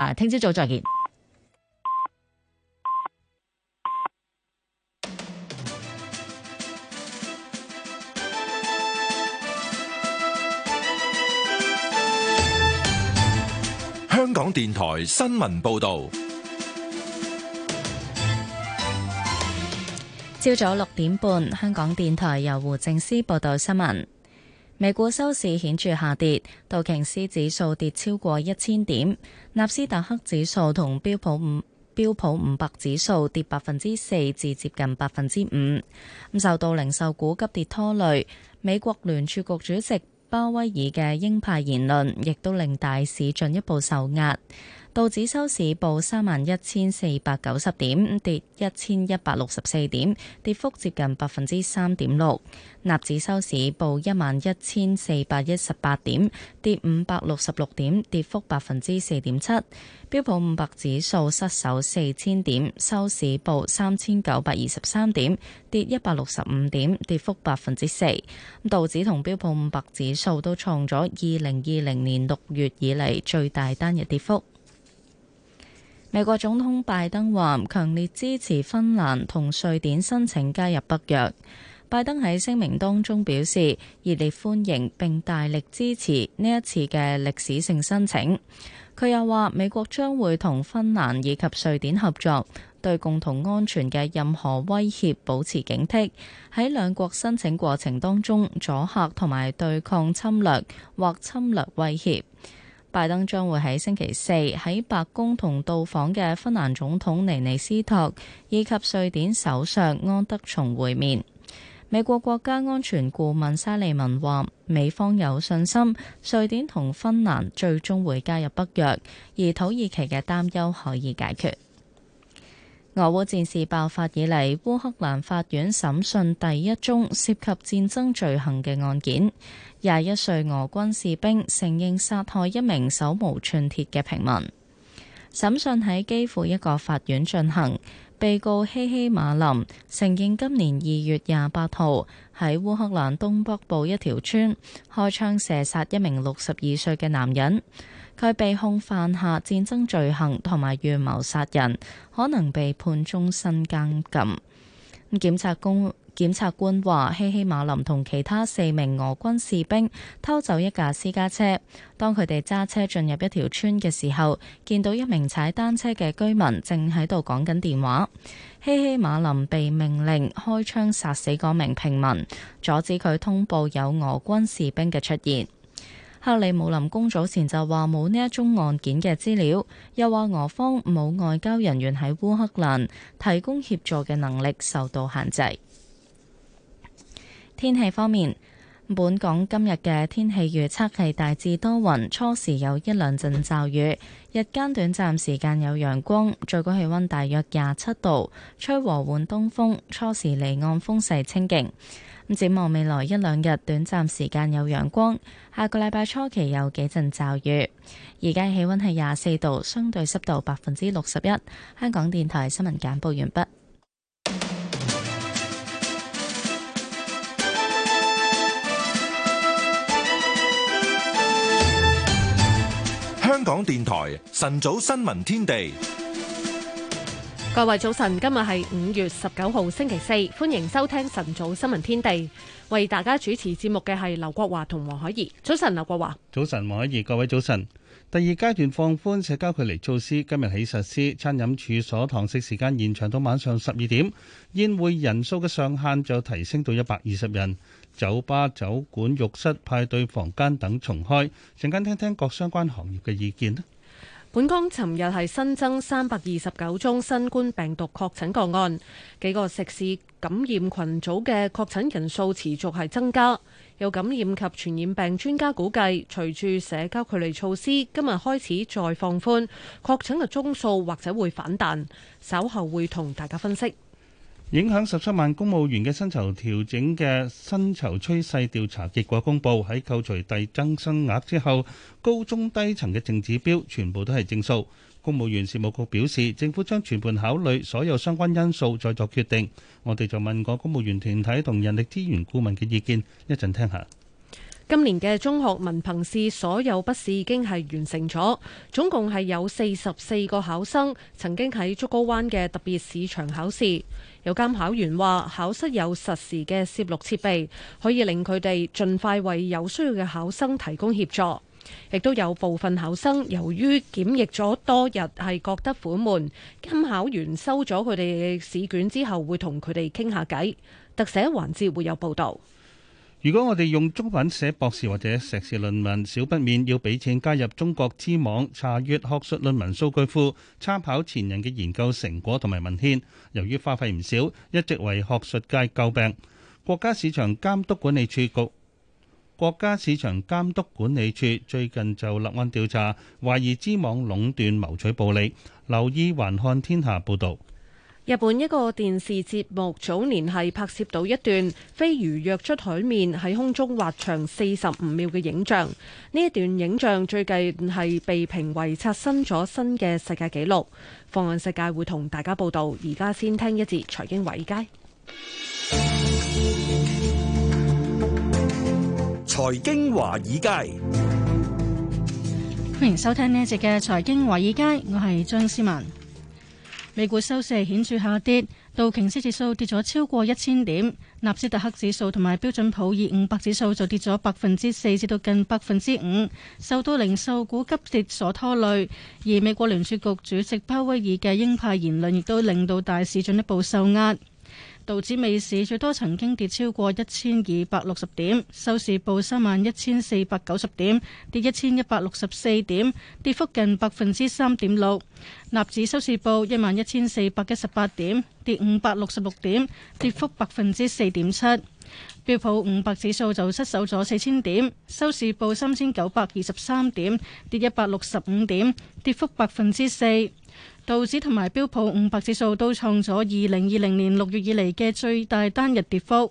啊！聽朝早再見。香港電台新聞報道。朝早六點半，香港電台由胡正思報道新聞。美股收市顯著下跌，道瓊斯指數跌超過一千點，納斯達克指數同標普五標普五百指數跌百分之四至接近百分之五。咁受到零售股急跌拖累，美國聯儲局主席鮑威爾嘅鷹派言論亦都令大市進一步受壓。道指收市報三萬一千四百九十點，跌一千一百六十四點，跌幅接近百分之三點六。納指收市報一萬一千四百一十八點，跌五百六十六點，跌幅百分之四點七。標普五百指數失守四千點，收市報三千九百二十三點，跌一百六十五點，跌幅百分之四。道指同標普五百指數都創咗二零二零年六月以嚟最大單日跌幅。美國總統拜登話：強烈支持芬蘭同瑞典申請加入北約。拜登喺聲明當中表示熱烈歡迎並大力支持呢一次嘅歷史性申請。佢又話：美國將會同芬蘭以及瑞典合作，對共同安全嘅任何威脅保持警惕。喺兩國申請過程當中，阻嚇同埋對抗侵略或侵略威脅。拜登將會喺星期四喺白宮同到訪嘅芬蘭總統尼尼斯托，以及瑞典首相安德松會面。美國國家安全顧問沙利文話：美方有信心，瑞典同芬蘭最終會加入北約，而土耳其嘅擔憂可以解決。俄烏戰事爆發以嚟，烏克蘭法院審訊第一宗涉及戰爭罪行嘅案件。廿一歲俄軍士兵承認殺害一名手無寸鐵嘅平民。審訊喺基輔一個法院進行，被告希希馬林承認今年二月廿八號喺烏克蘭東北部一條村開槍射殺一名六十二歲嘅男人。佢被控犯下戰爭罪行同埋預謀殺人，可能被判終身監禁。檢察公檢察官話：希希馬林同其他四名俄軍士兵偷走一架私家車，當佢哋揸車進入一條村嘅時候，見到一名踩單車嘅居民正喺度講緊電話。希希馬林被命令開槍殺死嗰名平民，阻止佢通報有俄軍士兵嘅出現。克里姆林宮早前就話冇呢一宗案件嘅資料，又話俄方冇外交人員喺烏克蘭，提供協助嘅能力受到限制。天氣方面，本港今日嘅天氣預測係大致多雲，初時有一兩陣驟雨，日間短暫時間有陽光，最高氣温大約廿七度，吹和緩東風，初時離岸風勢清勁。展望未來一兩日，短暫時間有陽光。下個禮拜初期有幾陣驟雨。而家氣溫係廿四度，相對濕度百分之六十一。香港電台新聞簡報完畢。香港電台晨早新聞天地。各位早晨，今日係五月十九號星期四，歡迎收聽晨早新聞天地。為大家主持節目嘅係劉國華同黃海怡。早晨，劉國華。早晨，黃海怡。各位早晨。第二階段放寬社交距離措施，今日起實施。餐飲處所堂食時間延長到晚上十二點，宴會人數嘅上限就提升到一百二十人。酒吧、酒館、浴室、派對房間等重開。陣間聽聽各相關行業嘅意見。本港尋日係新增三百二十九宗新冠病毒確診個案，幾個食肆感染群組嘅確診人數持續係增加。有感染及傳染病專家估計，隨住社交距離措施今日開始再放寬，確診嘅宗數或者會反彈，稍後會同大家分析。影響十七萬公務員嘅薪酬調整嘅薪酬趨勢調查結果公佈，喺扣除遞增薪額之後，高中低層嘅淨指標全部都係正數。公務員事務局表示，政府將全盤考慮所有相關因素再作決定。我哋就問過公務員團體同人力資源顧問嘅意見，一陣聽下。今年嘅中學文憑試所有筆試已經係完成咗，總共係有四十四個考生曾經喺竹篙灣嘅特別試場考試。有監考員話，考室有實時嘅攝錄設備，可以令佢哋盡快為有需要嘅考生提供協助。亦都有部分考生由於檢疫咗多日係覺得苦悶，監考員收咗佢哋嘅試卷之後會同佢哋傾下偈。特寫環節會有報道。如果我哋用中文寫博士或者碩士論文，少不免要俾錢加入中國知網查閱學術論文數據庫，參考前人嘅研究成果同埋文獻，由於花費唔少，一直為學術界詬病。國家市場監督管理處局國家市場監督管理處最近就立案調查，懷疑知網壟斷謀取暴利。留意《還看天下》報道。日本一個電視節目早年係拍攝到一段飛魚躍出海面，喺空中滑翔四十五秒嘅影像，呢一段影像最近係被評為刷新咗新嘅世界紀錄。《放眼世界》會同大家報道，而家先聽一節財經華爾街。財經華爾街，歡迎收聽呢一節嘅財經華爾街，我係張思文。美股收市顯著下跌，道瓊斯指數跌咗超過一千點，納斯達克指數同埋標準普爾五百指數就跌咗百分之四至到近百分之五，受到零售股急跌所拖累，而美國聯儲局主席鮑威爾嘅鷹派言論亦都令到大市進一步受壓。道指尾市最多曾經跌超過一千二百六十點，收市報三萬一千四百九十點，跌一千一百六十四點，跌幅近百分之三點六。納指收市報一萬一千四百一十八點，跌五百六十六點，跌幅百分之四點七。標普五百指數就失守咗四千點，收市報三千九百二十三點，跌一百六十五點，跌幅百分之四。道指同埋標普五百指數都創咗二零二零年六月以嚟嘅最大單日跌幅。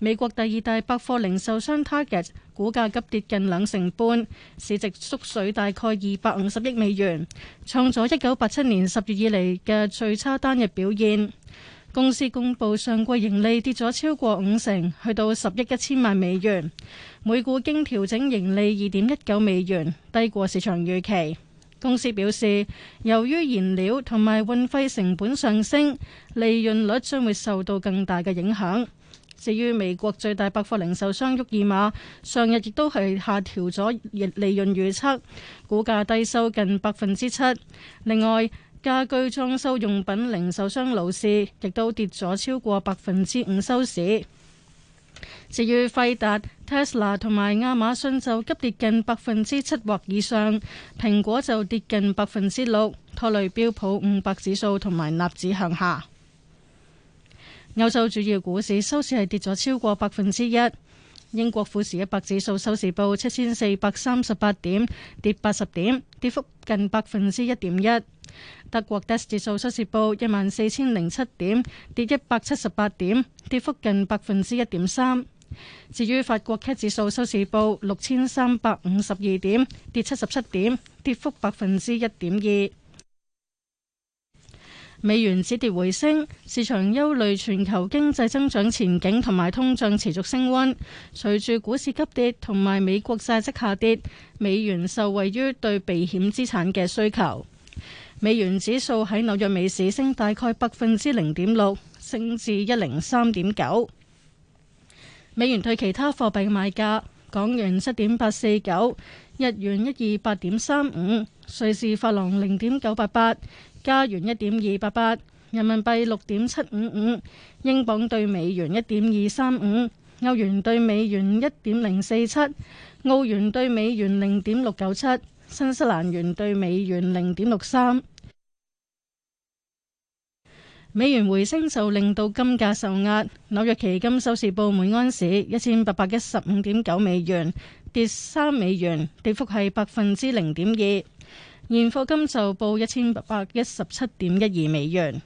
美國第二大百貨零售商 Target 股價急跌近兩成半，市值縮水大概二百五十億美元，創咗一九八七年十月以嚟嘅最差單日表現。公司公布上季盈利跌咗超過五成，去到十億一千萬美元，每股經調整盈利二點一九美元，低過市場預期。公司表示，由於燃料同埋運費成本上升，利潤率將會受到更大嘅影響。至於美國最大百貨零售商沃爾瑪，上日亦都係下調咗利潤預測，股價低收近百分之七。另外，家居裝修用品零售商勞氏亦都跌咗超過百分之五收市。至於費達 Tesla 同埋亞馬遜就急跌近百分之七或以上，蘋果就跌近百分之六，拖累標普五百指數同埋納指向下。歐洲主要股市收市係跌咗超過百分之一。英國富時一百指數收市報七千四百三十八點，跌八十點，跌幅近百分之一點一。德國 DAX 指數收市報一萬四千零七點，跌一百七十八點，跌幅近百分之一點三。至於法國 CAC 指數收市報六千三百五十二點，跌七十七點，跌幅百分之一點二。美元止跌回升，市場憂慮全球經濟增長前景同埋通脹持續升温，隨住股市急跌同埋美國債息下跌，美元受惠於對避險資產嘅需求。美元指數喺紐約美市升大概百分之零點六，升至一零三點九。美元對其他貨幣嘅買價：港元七點八四九，日元一二八點三五，瑞士法郎零點九八八，加元一點二八八，人民幣六點七五五，英鎊對美元一點二三五，歐元對美元一點零四七，澳元對美元零點六九七，新西蘭元對美元零點六三。美元回升就令到金價受壓，紐約期金收市報每安士一千八百一十五點九美元，跌三美元，跌幅係百分之零點二。現貨金就報一千八百一十七點一二美元。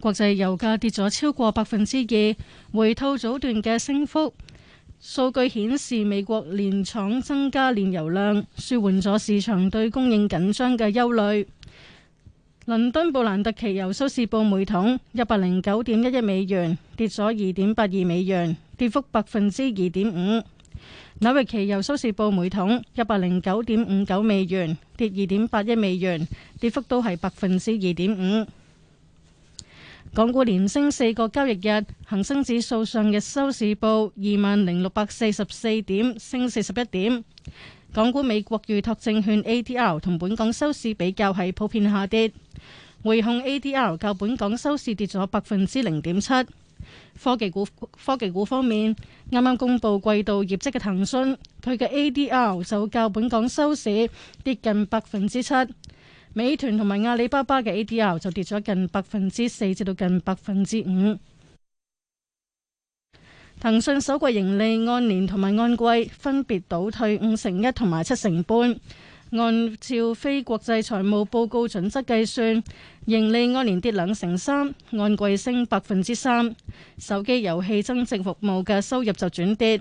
國際油價跌咗超過百分之二，回吐早段嘅升幅。數據顯示美國煉廠增加煉油量，舒緩咗市場對供應緊張嘅憂慮。倫敦布蘭特期油收市報每桶一百零九點一一美元，跌咗二點八二美元，跌幅百分之二點五。紐約期油收市報每桶一百零九點五九美元，跌二點八一美元，跌幅都係百分之二點五。港股連升四個交易日，恒生指數上日收市報二萬零六百四十四點，升四十一點。港股美國預託證券 ADR 同本港收市比較係普遍下跌。匯控 ADR 較本港收市跌咗百分之零點七，科技股科技股方面，啱啱公布季度業績嘅騰訊，佢嘅 ADR 就較本港收市跌近百分之七，美團同埋阿里巴巴嘅 ADR 就跌咗近百分之四至到近百分之五。騰訊首季盈利按年同埋按季分別倒退五成一同埋七成半。按照非國際財務報告準則計算，盈利按年跌兩成三，按季升百分之三。手機遊戲增值服務嘅收入就轉跌。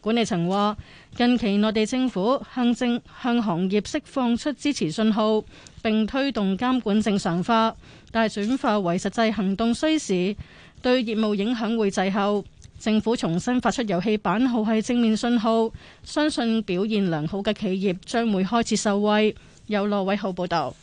管理層話近期內地政府向政向行業釋放出支持信號，並推動監管正常化，但係轉化為實際行動需時，對業務影響會滯後。政府重新發出遊戲版號係正面信號，相信表現良好嘅企業將會開始受惠。有羅偉浩報導。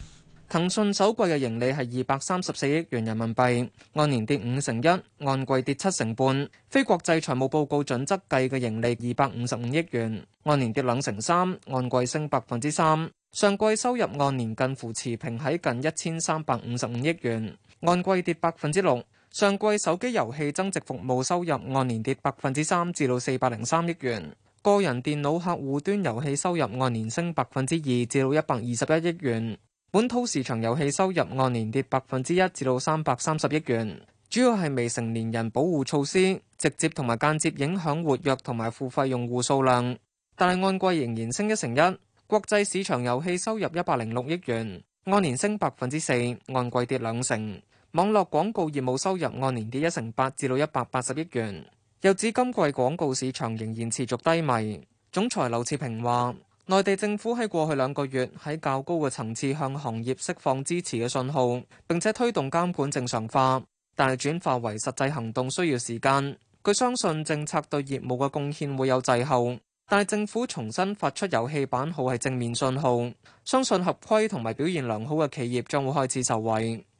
騰訊首季嘅盈利係二百三十四億元人民幣，按年跌五成一，按季跌七成半。非國際財務報告準則計嘅盈利二百五十五億元，按年跌兩成三，按季升百分之三。上季收入按年近乎持平喺近一千三百五十五億元，按季跌百分之六。上季手機遊戲增值服務收入按年跌百分之三，至到四百零三億元。個人電腦客戶端遊戲收入按年升百分之二，至到一百二十一億元。本土市場遊戲收入按年跌百分之一，至到三百三十億元。主要係未成年人保護措施直接同埋間接影響活躍同埋付費用戶數量，但係按季仍然升一成一。國際市場遊戲收入一百零六億元，按年升百分之四，按季跌兩成。網絡廣告業務收入按年跌一成八，至到一百八十億元。又指今季廣告市場仍然持續低迷。總裁劉熾平話，內地政府喺過去兩個月喺較高嘅層次向行業釋放支持嘅信號，並且推動監管正常化，但係轉化為實際行動需要時間。佢相信政策對業務嘅貢獻會有滯後，但係政府重新發出遊戲版號係正面信號，相信合規同埋表現良好嘅企業將會開始受惠。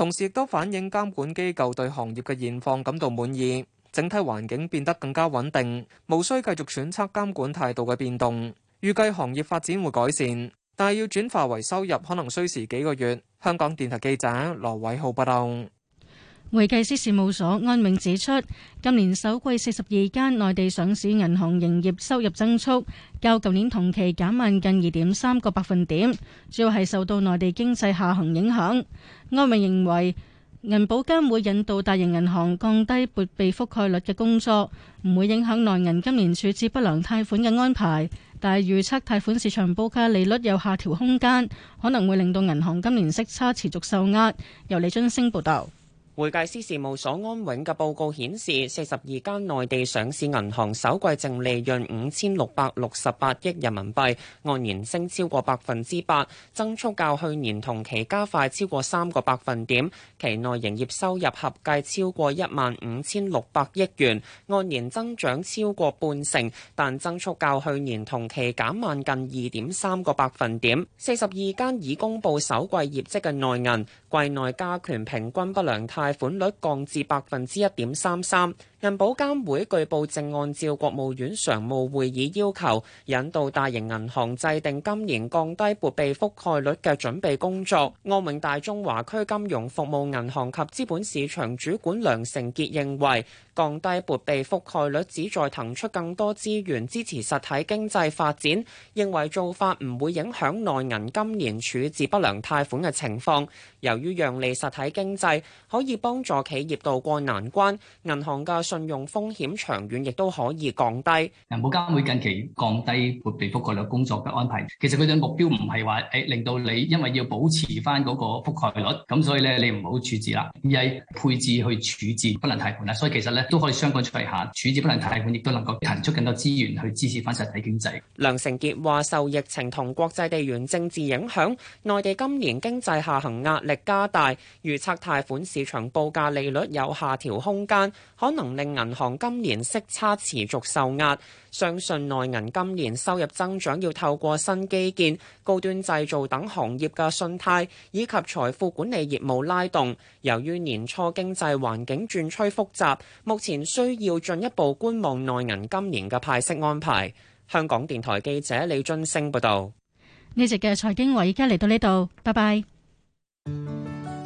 同時亦都反映監管機構對行業嘅現況感到滿意，整體環境變得更加穩定，無需繼續揣測監管態度嘅變動。預計行業發展會改善，但係要轉化為收入可能需時幾個月。香港電台記者羅偉浩報導，會計師事務所安永指出，今年首季四十二間內地上市銀行營業收入增速較舊年同期減慢近二點三個百分點，主要係受到內地經濟下行影響。安明認為，銀保監會引導大型銀行降低撥備覆蓋率嘅工作，唔會影響內銀今年處置不良貸款嘅安排。但係預測貸款市場報價利率有下調空間，可能會令到銀行今年息差持續受壓。由李津升報導。會計師事務所安永嘅報告顯示，四十二間內地上市銀行首季淨利潤五千六百六十八億人民幣，按年升超過百分之八，增速較去年同期加快超過三個百分點。期內營業收入合計超過一萬五千六百億元，按年增長超過半成，但增速較去年同期減慢近二點三個百分點。四十二間已公布首季業績嘅內銀，季內加權平均不良貸貸款率降至百分之一點三三。銀保監會據報正按照國務院常務會議要求，引導大型銀行制定今年降低撥備覆蓋率嘅準備工作。澳明大中華區金融服務銀行及資本市場主管梁成杰認為降低撥備覆蓋率旨在騰出更多資源支持實體經濟發展，認為做法唔會影響內銀今年處置不良貸款嘅情況。由於讓利實體經濟可以幫助企業渡過難關，銀行嘅。信用風險長遠亦都可以降低。銀保監會近期降低撥備覆蓋率工作嘅安排，其實佢嘅目標唔係話誒令到你因為要保持翻嗰個覆蓋率，咁所以咧你唔好處置啦，而係配置去處置不能貸款啦。所以其實咧都可以相關出嚟下，處置不能貸款亦都能夠騰出更多資源去支持翻實體經濟。梁成杰話：受疫情同國際地緣政治影響，內地今年經濟下行壓力加大，預測貸款市場報價利率有下調空間，可能，令銀行今年息差持續受壓，相信內銀今年收入增長要透過新基建、高端製造等行業嘅信貸以及財富管理業務拉動。由於年初經濟環境轉趨複雜，目前需要進一步觀望內銀今年嘅派息安排。香港電台記者李俊升報道。呢集嘅財經話，而家嚟到呢度，拜拜。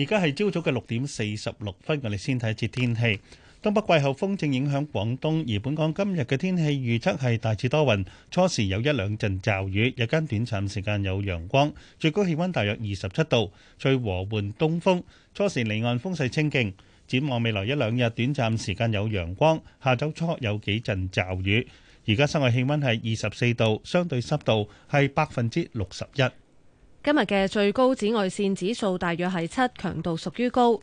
而家係朝早嘅六點四十六分，我哋先睇一節天氣。東北季候風正影響廣東，而本港今日嘅天氣預測係大致多雲，初時有一兩陣驟雨，日間短暫時間有陽光，最高氣溫大約二十七度，吹和緩東風，初時離岸風勢清勁。展望未來一兩日，短暫時間有陽光，下晝初有幾陣驟雨。而家室外氣溫係二十四度，相對濕度係百分之六十一。今日嘅最高紫外線指數大約係七，強度屬於高。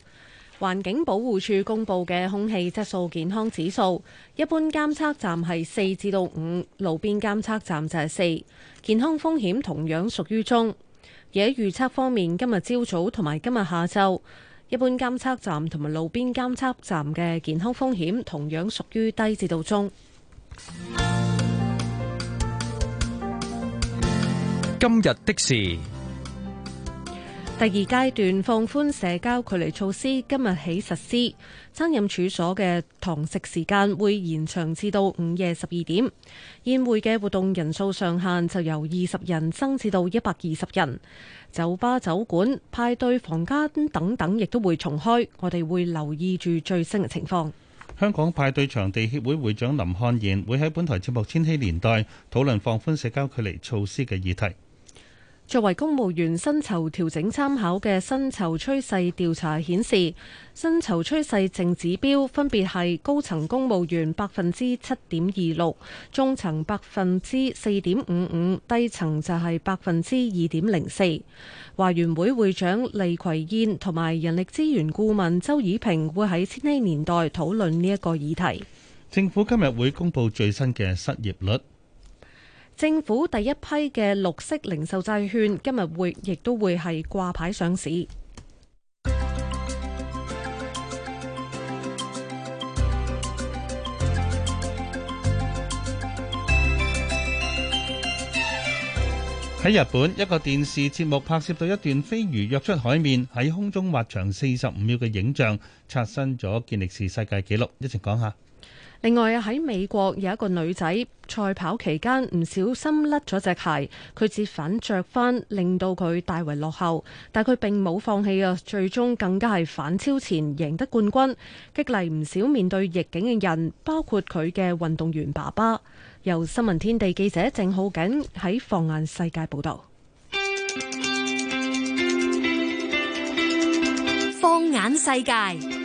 環境保護署公布嘅空氣質素健康指數，一般監測站係四至到五，路邊監測站就係四，健康風險同樣屬於中。而喺預測方面，今日朝早同埋今日下晝，一般監測站同埋路邊監測站嘅健康風險同樣屬於低至到中。今日的事。第二階段放寬社交距離措施今日起實施，餐飲處所嘅堂食時間會延長至到午夜十二點，宴會嘅活動人數上限就由二十人增至到一百二十人。酒吧、酒館、派對房間等等亦都會重開。我哋會留意住最新嘅情況。香港派對場地協會會長林漢賢會喺本台節目《千禧年代》討論放寬社交距離措施嘅議題。作為公務員薪酬調整參考嘅薪酬趨勢調查顯示，薪酬趨勢淨指標分別係高層公務員百分之七點二六，中層百分之四點五五，低層就係百分之二點零四。華員會會長利葵燕同埋人力資源顧問周以平會喺千禧年代討論呢一個議題。政府今日會公布最新嘅失業率。政府第一批嘅綠色零售債券今日會，亦都會係掛牌上市。喺日本，一個電視節目拍攝到一段飛魚躍出海面，喺空中滑翔四十五秒嘅影像，刷新咗健力士世界紀錄。一齊講下。另外啊，喺美國有一個女仔賽跑期間唔小心甩咗隻鞋，佢折返着翻，令到佢大為落後。但佢並冇放棄啊，最終更加係反超前贏得冠軍，激勵唔少面對逆境嘅人，包括佢嘅運動員爸爸。由新聞天地記者鄭浩景喺放眼世界報道。放眼世界。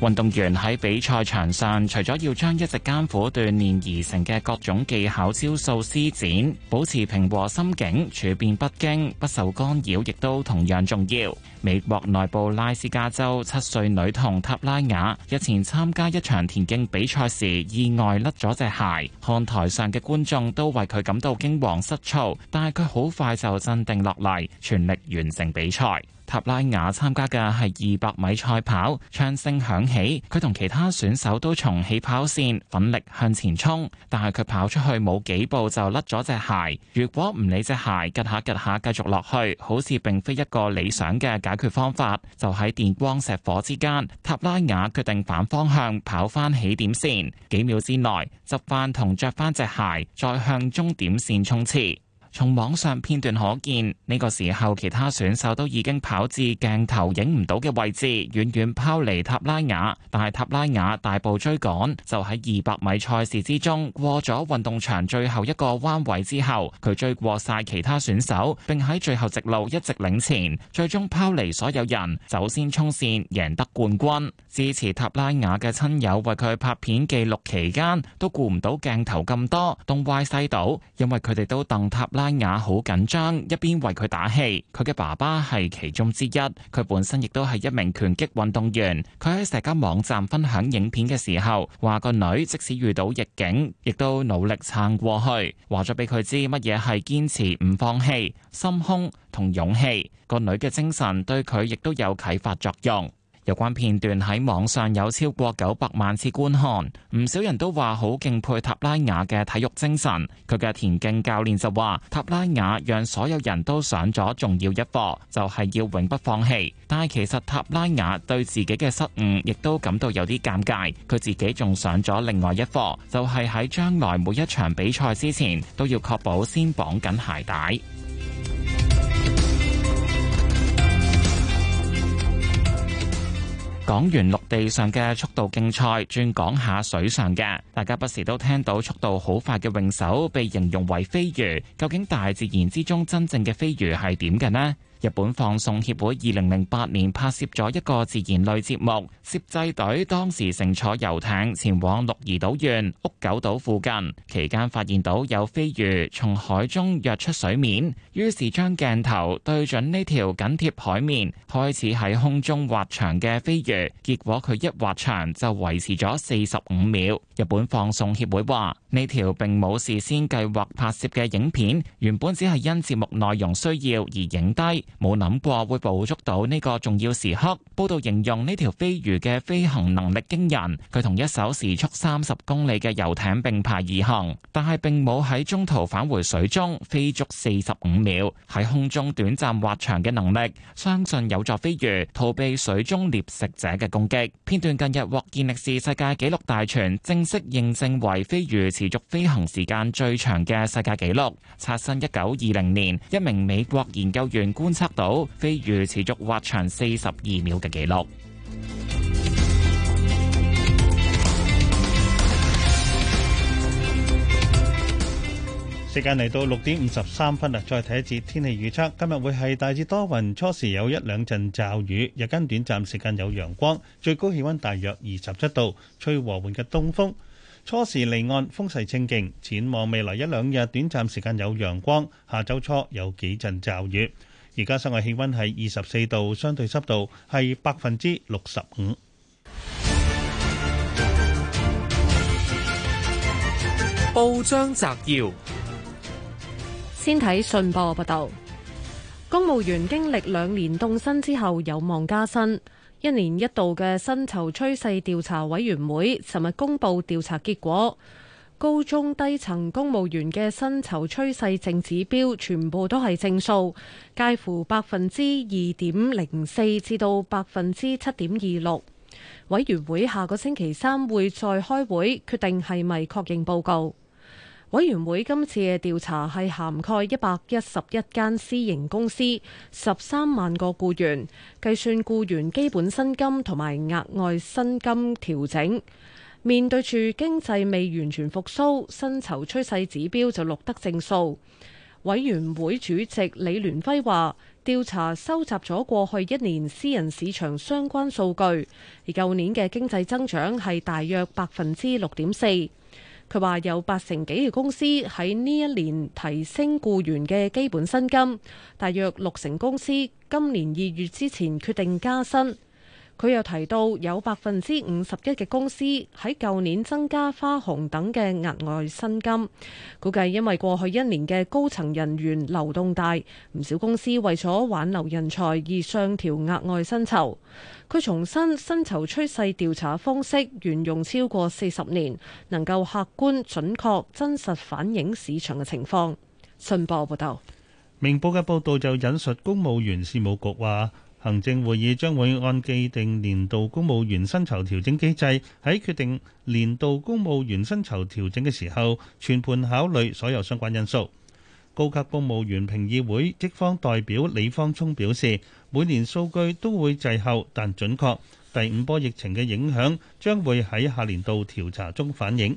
運動員喺比賽場上，除咗要將一直艱苦鍛煉而成嘅各種技巧招數施展，保持平和心境、處變不驚、不受干擾，亦都同樣重要。美國內部拉斯加州七歲女童塔拉雅日前參加一場田徑比賽時，意外甩咗隻鞋，看台上嘅觀眾都為佢感到驚惶失措，但係佢好快就鎮定落嚟，全力完成比賽。塔拉雅參加嘅係二百米賽跑，槍聲響起，佢同其他選手都從起跑線奮力向前衝，但係佢跑出去冇幾步就甩咗隻鞋。如果唔理隻鞋，趷下趷下繼續落去，好似並非一個理想嘅解決方法。就喺電光石火之間，塔拉雅決定反方向跑翻起點線，幾秒之內執翻同着翻隻鞋，再向終點線衝刺。從網上片段可見，呢個時候其他選手都已經跑至鏡頭影唔到嘅位置，遠遠拋離塔拉雅。但係塔拉雅大步追趕，就喺二百米賽事之中過咗運動場最後一個彎位之後，佢追過晒其他選手，並喺最後直路一直領前，最終拋離所有人，首先衝線，贏得冠軍。支持塔拉雅嘅親友為佢拍片記錄期間，都顧唔到鏡頭咁多，東歪西倒，因為佢哋都鄧塔拉。拉雅好緊張，一邊為佢打氣，佢嘅爸爸係其中之一。佢本身亦都係一名拳擊運動員。佢喺社交網站分享影片嘅時候，話個女即使遇到逆境，亦都努力撐過去。話咗俾佢知乜嘢係堅持、唔放棄、心胸同勇氣。個女嘅精神對佢亦都有啟發作用。有關片段喺網上有超過九百萬次觀看，唔少人都話好敬佩塔拉雅嘅體育精神。佢嘅田徑教練就話：塔拉雅讓所有人都上咗重要一課，就係要永不放棄。但係其實塔拉雅對自己嘅失誤，亦都感到有啲尷尬。佢自己仲上咗另外一課，就係喺將來每一場比賽之前，都要確保先綁緊鞋帶。講完陸地上嘅速度競賽，轉講下水上嘅。大家不時都聽到速度好快嘅泳手被形容為飛魚。究竟大自然之中真正嘅飛魚係點嘅呢？日本放送協會二零零八年拍攝咗一個自然類節目，攝製隊當時乘坐遊艇前往鹿兒島縣屋久島附近，期間發現到有飛魚從海中躍出水面，於是將鏡頭對準呢條緊貼海面開始喺空中滑翔嘅飛魚，結果佢一滑翔就維持咗四十五秒。日本放送協會話。呢條並冇事先計劃拍攝嘅影片，原本只係因節目內容需要而影低，冇諗過會捕捉到呢個重要時刻。報道形容呢條飛魚嘅飛行能力驚人，佢同一艘時速三十公里嘅遊艇並排而行，但係並冇喺中途返回水中飛足四十五秒，喺空中短暫滑翔嘅能力，相信有助飛魚逃避水中獵食者嘅攻擊。片段近日獲健力士世界紀錄大全，正式認證為飛魚持續飛行時間最長嘅世界紀錄，刷新一九二零年一名美國研究員觀測到飛魚持續滑翔四十二秒嘅紀錄。時間嚟到六點五十三分啦，再睇一節天氣預測。今日會係大致多雲，初時有一兩陣驟雨，日間短暫時間有陽光，最高氣溫大約二十七度，吹和緩嘅東風。初時離岸風勢清勁，展望未來一兩日短暫時間有陽光，下週初有幾陣驟雨。而家室外氣溫係二十四度，相對濕度係百分之六十五。報章摘要，先睇信報。報道，公務員經歷兩年凍薪之後，有望加薪。一年一度嘅薪酬趨勢調查委員會尋日公布調查結果，高中低層公務員嘅薪酬趨勢淨指標全部都係正數，介乎百分之二點零四至到百分之七點二六。委員會下個星期三會再開會決定係咪確認報告。委員會今次嘅調查係涵蓋一百一十一間私營公司，十三萬個僱員，計算僱員基本薪金同埋額外薪金調整。面對住經濟未完全復甦，薪酬趨勢指標就錄得正數。委員會主席李聯輝話，調查收集咗過去一年私人市場相關數據，而舊年嘅經濟增長係大約百分之六點四。佢話有八成幾嘅公司喺呢一年提升僱員嘅基本薪金，大約六成公司今年二月之前決定加薪。佢又提到有，有百分之五十一嘅公司喺舊年增加花紅等嘅額外薪金，估計因為過去一年嘅高層人員流動大，唔少公司為咗挽留人才而上調額外薪酬。佢重申薪酬趨勢調查方式沿用超過四十年，能夠客觀準確真實反映市場嘅情況。信報報道，明報嘅報道就引述公務員事務局話。行政會議將會按既定年度公務員薪酬調整機制，喺決定年度公務員薪酬調整嘅時候，全盤考慮所有相關因素。高級公務員評議會職方代表李方聰表示，每年數據都會滯後，但準確。第五波疫情嘅影響將會喺下年度調查中反映。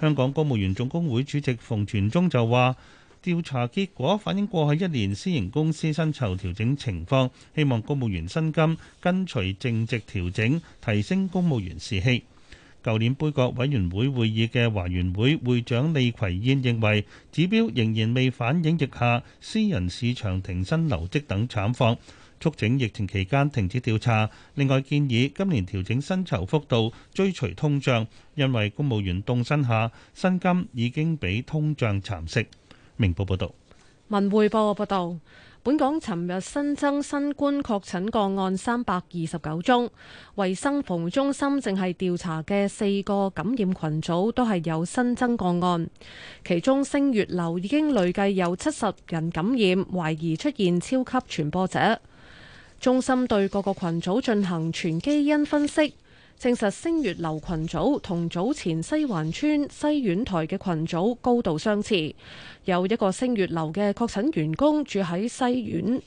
香港公務員總工會主席馮傳中就話。調查結果反映過去一年私營公司薪酬調整情況，希望公務員薪金跟隨正值調整，提升公務員士氣。舊年杯葛委員會會議嘅華員會會長李葵燕認為，指標仍然未反映疫下私人市場停薪留職等慘況，促請疫情期間停止調查。另外建議今年調整薪酬幅度追隨通脹，因為公務員凍薪下薪金已經俾通脹蠶食。明報報道，文匯報報道，本港尋日新增新冠確診個案三百二十九宗。衛生防護中心正係調查嘅四個感染群組都係有新增個案，其中星月樓已經累計有七十人感染，懷疑出現超級傳播者。中心對各個群組進行全基因分析。證實星月樓群組同早前西環村西苑台嘅群組高度相似，有一個星月樓嘅確診員工住喺西苑，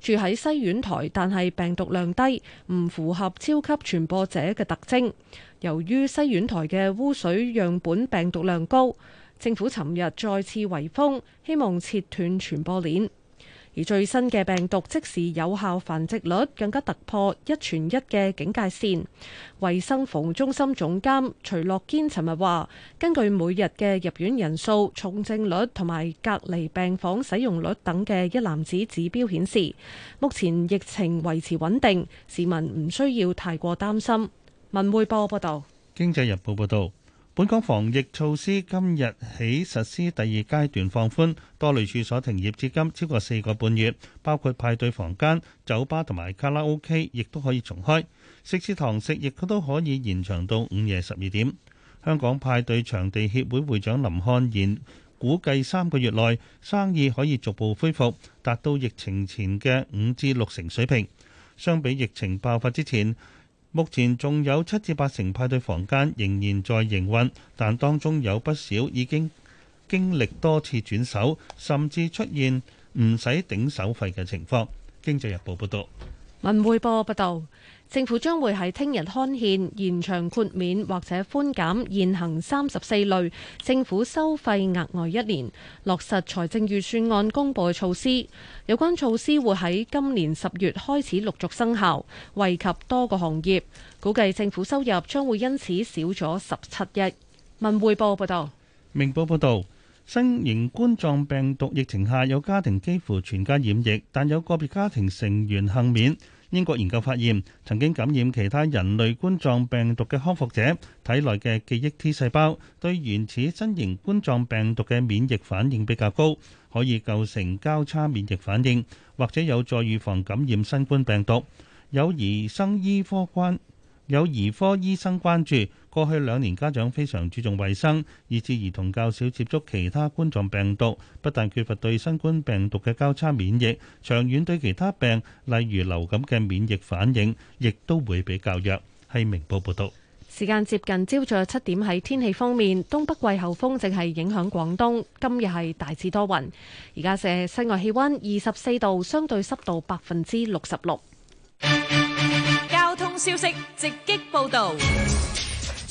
住喺西苑台，但係病毒量低，唔符合超級傳播者嘅特徵。由於西苑台嘅污水樣本病毒量高，政府尋日再次圍封，希望切斷傳播鏈。而最新嘅病毒，即時有效繁殖率更加突破一傳一嘅警戒線，衛生防護中心總監徐樂堅尋日話，根據每日嘅入院人數、重症率同埋隔離病房使用率等嘅一籃子指標顯示，目前疫情維持穩定，市民唔需要太過擔心。文匯報報道經濟日報報道。本港防疫措施今日起實施第二階段放寬，多類處所停業至今超過四個半月，包括派對房間、酒吧同埋卡拉 OK，亦都可以重開。食肆堂食亦都可以延長到午夜十二點。香港派對場地協會會長林漢賢估計三個月內生意可以逐步恢復達到疫情前嘅五至六成水平，相比疫情爆發之前。目前仲有七至八成派對房間仍然在營運，但當中有不少已經經歷多次轉手，甚至出現唔使頂手費嘅情況。經濟日報報道。文匯報報道，政府將會喺聽日刊憲延長豁免或者寬減現行三十四類政府收費額外一年，落實財政預算案公布嘅措施。有關措施會喺今年十月開始陸續生效，惠及多個行業。估計政府收入將會因此少咗十七億。文匯報報道。明報報道。新型冠狀病毒疫情下，有家庭幾乎全家染疫，但有個別家庭成員幸免。英國研究發現，曾經感染其他人類冠狀病毒嘅康復者，體內嘅記憶 T 細胞對原始新型冠狀病毒嘅免疫反應比較高，可以構成交叉免疫反應，或者有助預防感染新冠病毒。有兒生醫科關，有兒科醫生關注。過去兩年家長非常注重衛生，以致兒童較少接觸其他冠狀病毒，不但缺乏對新冠病毒嘅交叉免疫，長遠對其他病，例如流感嘅免疫反應，亦都會比較弱。係明報報道。時間接近朝早七點，喺天氣方面，東北季候風正係影響廣東，今日係大致多雲。而家社室外氣温二十四度，相對濕度百分之六十六。交通消息直擊報導。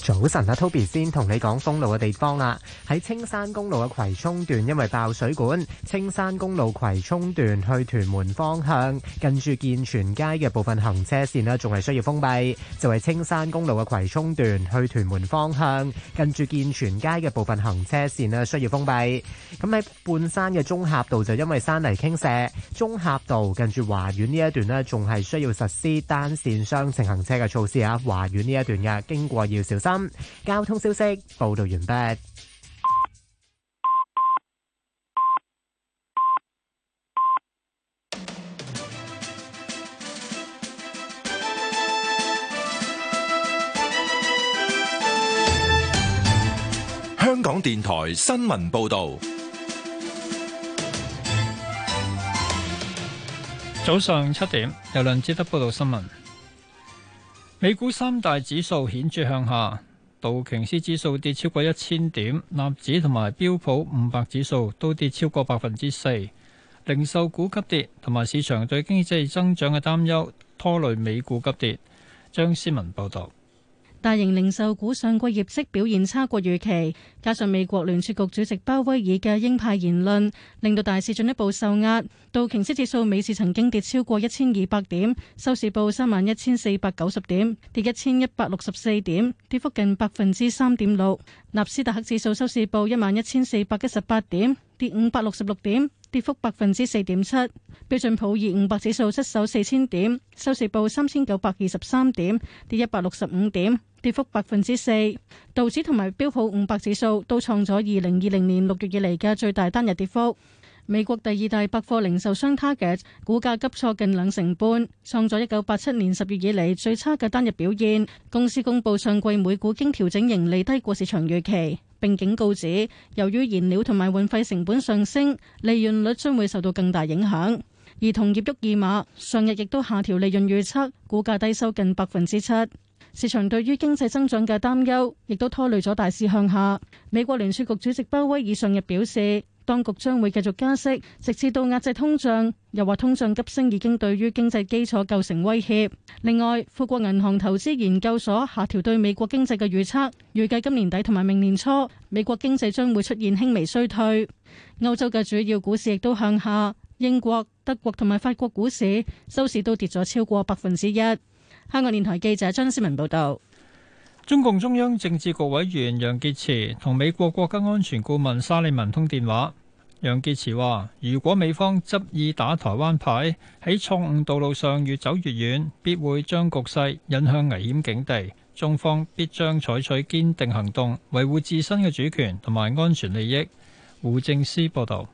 早晨啊，Toby 先同你講封路嘅地方啦。喺青山公路嘅葵涌段，因為爆水管，青山公路葵涌段去屯門方向，近住健全街嘅部分行車線咧，仲係需要封閉。就係青山公路嘅葵涌段去屯門方向，近住健全街嘅部分行車線咧，需要封閉。咁喺半山嘅中峽道就因為山泥傾瀉，中峽道近住華苑呢一段咧，仲係需要實施單線雙程行車嘅措施啊。華苑呢一段嘅經過要小心。交通消息報道完畢。香港電台新聞報道。早上七點，有梁志德報道新聞。美股三大指數顯著向下。道瓊斯指數跌超過一千點，納指同埋標普五百指數都跌超過百分之四，零售股急跌，同埋市場對經濟增長嘅擔憂拖累美股急跌。張思文報道。大型零售股上季業績表現差過預期，加上美國聯儲局主席鮑威爾嘅鷹派言論，令到大市進一步受壓。道瓊斯指數尾市曾經跌超過一千二百點，收市報三萬一千四百九十點，跌一千一百六十四點，跌幅近百分之三點六。納斯達克指數收市報一萬一千四百一十八點，跌五百六十六點。跌幅百分之四點七，標準普爾五百指數失守四千點，收市報三千九百二十三點，跌一百六十五點，跌幅百分之四。道指同埋標普五百指數都創咗二零二零年六月以嚟嘅最大單日跌幅。美國第二大百貨零售商 Target 股價急挫近兩成半，創咗一九八七年十月以嚟最差嘅單日表現。公司公布上季每股經調整盈利低過市場預期。並警告指，由於燃料同埋運費成本上升，利潤率將會受到更大影響。而同業沃爾瑪上日亦都下調利潤預測，股價低收近百分之七。市場對於經濟增長嘅擔憂，亦都拖累咗大市向下。美國聯儲局主席鮑威爾上日表示，當局將會繼續加息，直至到壓制通脹。又話通脹急升已經對於經濟基礎構成威脅。另外，富國銀行投資研究所下調對美國經濟嘅預測，預計今年底同埋明年初美國經濟將會出現輕微衰退。歐洲嘅主要股市亦都向下，英國、德國同埋法國股市收市都跌咗超過百分之一。香港電台記者張思文報道，中共中央政治局委員楊潔篪同美國國家安全顧問沙利文通電話。楊潔篪話，如果美方執意打台灣牌，喺錯誤道路上越走越遠，必會將局勢引向危險境地。中方必將採取堅定行動，維護自身嘅主權同埋安全利益。胡正思報道。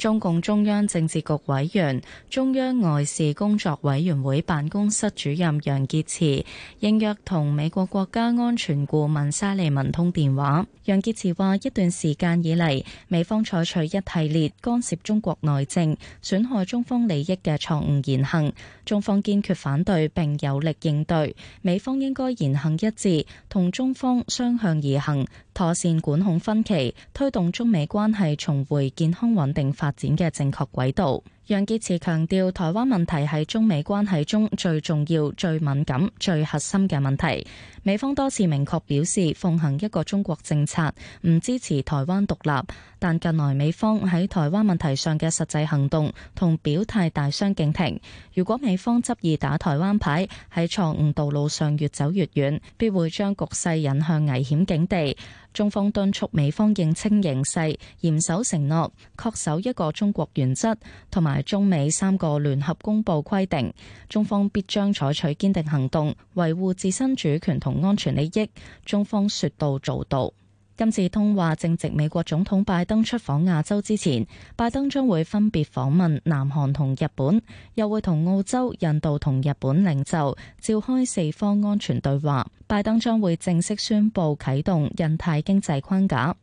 中共中央政治局委員、中央外事工作委員會辦公室主任楊潔篪應約同美國國家安全顧問沙利文通電話，楊潔篪話，一段時間以嚟，美方採取一系列干涉中國內政、損害中方利益嘅錯誤言行，中方堅決反對，並有力應對。美方應該言行一致，同中方相向而行，妥善管控分歧，推動中美關係重回健康穩定發發展嘅正確軌道。楊潔篪強調，台灣問題係中美關係中最重要、最敏感、最核心嘅問題。美方多次明確表示奉行一個中國政策，唔支持台灣獨立，但近來美方喺台灣問題上嘅實際行動同表態大相徑庭。如果美方執意打台灣牌，喺錯誤道路上越走越遠，必會將局勢引向危險境地。中方敦促美方認清形勢，嚴守承諾，確守一個中國原則，同埋，中美三個聯合公佈規定，中方必將採取堅定行動，維護自身主權同安全利益。中方說到做到。今次通話正值美國總統拜登出訪亞洲之前，拜登將會分別訪問南韓同日本，又會同澳洲、印度同日本領袖召開四方安全對話。拜登將會正式宣布啟動印太經濟框架。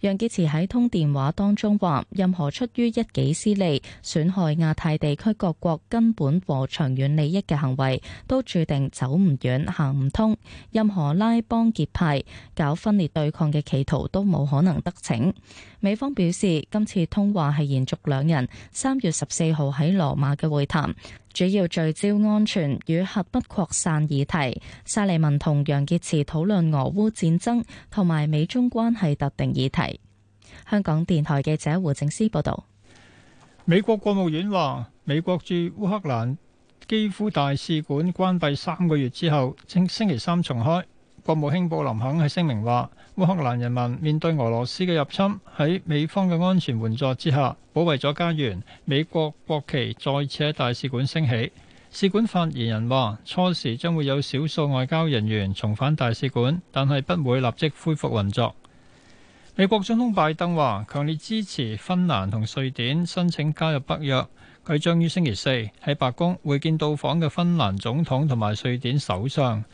楊潔篪喺通電話當中話，任何出於一己私利、損害亞太地區各國根本和長遠利益嘅行為，都注定走唔遠、行唔通。任何拉幫結派、搞分裂對抗嘅企圖，都冇可能得逞。美方表示，今次通話係延續兩人三月十四號喺羅馬嘅會談，主要聚焦安全與核不擴散議題，沙利文同楊潔篪討論俄烏戰爭同埋美中關係特定議題，香港電台記者胡靜思報道。美國國務院話美國駐烏克蘭基夫大使館關閉三個月之後，正星期三重開。國務卿布林肯喺聲明話：烏克蘭人民面對俄羅斯嘅入侵，喺美方嘅安全援助之下，保衛咗家園。美國國旗再次喺大使館升起。使館發言人話：初時將會有少數外交人員重返大使館，但係不會立即恢復運作。美國總統拜登話：強烈支持芬蘭同瑞典申請加入北約。佢將於星期四喺白宮會見到訪嘅芬蘭總統同埋瑞典首相。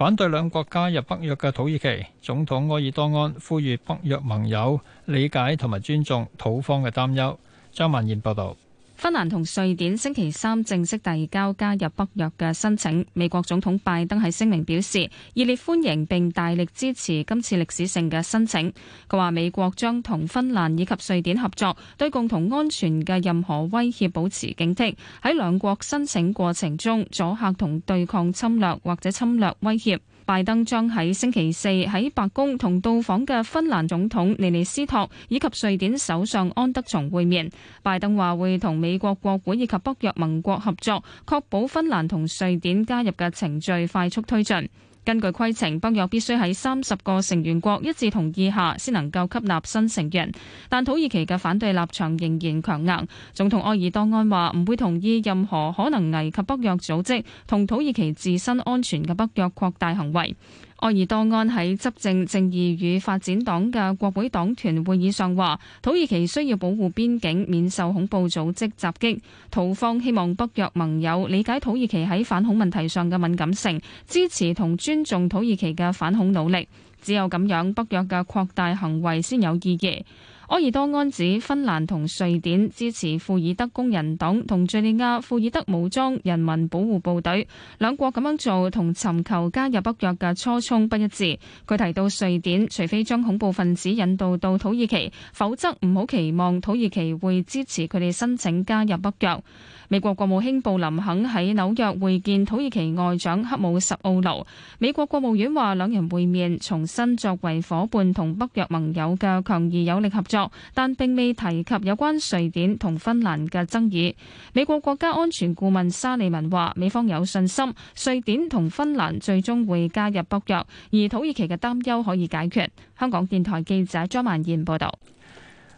反對兩國加入北約嘅土耳其總統埃爾多安呼籲北約盟友理解同埋尊重土方嘅擔憂。張文燕報導。芬蘭同瑞典星期三正式遞交加入北約嘅申請。美國總統拜登喺聲明表示熱烈歡迎，並大力支持今次歷史性嘅申請。佢話美國將同芬蘭以及瑞典合作，對共同安全嘅任何威脅保持警惕。喺兩國申請過程中，阻吓同對抗侵略或者侵略威脅。拜登將喺星期四喺白宮同到訪嘅芬蘭總統尼尼斯托以及瑞典首相安德松會面。拜登話會同美國國會以及北約盟國合作，確保芬蘭同瑞典加入嘅程序快速推進。根據規程，北約必須喺三十個成員國一致同意下，先能夠吸納新成員。但土耳其嘅反對立場仍然強硬，總統愛爾多安話唔會同意任何可能危及北約組織同土耳其自身安全嘅北約擴大行為。埃爾多安喺執政正義與發展黨嘅國會黨團會議上話：土耳其需要保護邊境免受恐怖組織襲，襲擊，土方希望北約盟友理解土耳其喺反恐問題上嘅敏感性，支持同尊重土耳其嘅反恐努力。只有咁樣，北約嘅擴大行為先有意義。埃爾多安指芬蘭同瑞典支持庫爾德工人黨同敘利亞庫爾德武裝人民保護部隊，兩國咁樣做同尋求加入北約嘅初衷不一致。佢提到瑞典除非將恐怖分子引渡到土耳其，否則唔好期望土耳其會支持佢哋申請加入北約。美國國務卿布林肯喺紐約會見土耳其外長克武什奧盧。美國國務院話，兩人會面，重申作為伙伴同北約盟友嘅強而有力合作，但並未提及有關瑞典同芬蘭嘅爭議。美國國家安全顧問沙利文話，美方有信心瑞典同芬蘭最終會加入北約，而土耳其嘅擔憂可以解決。香港電台記者張曼燕報道。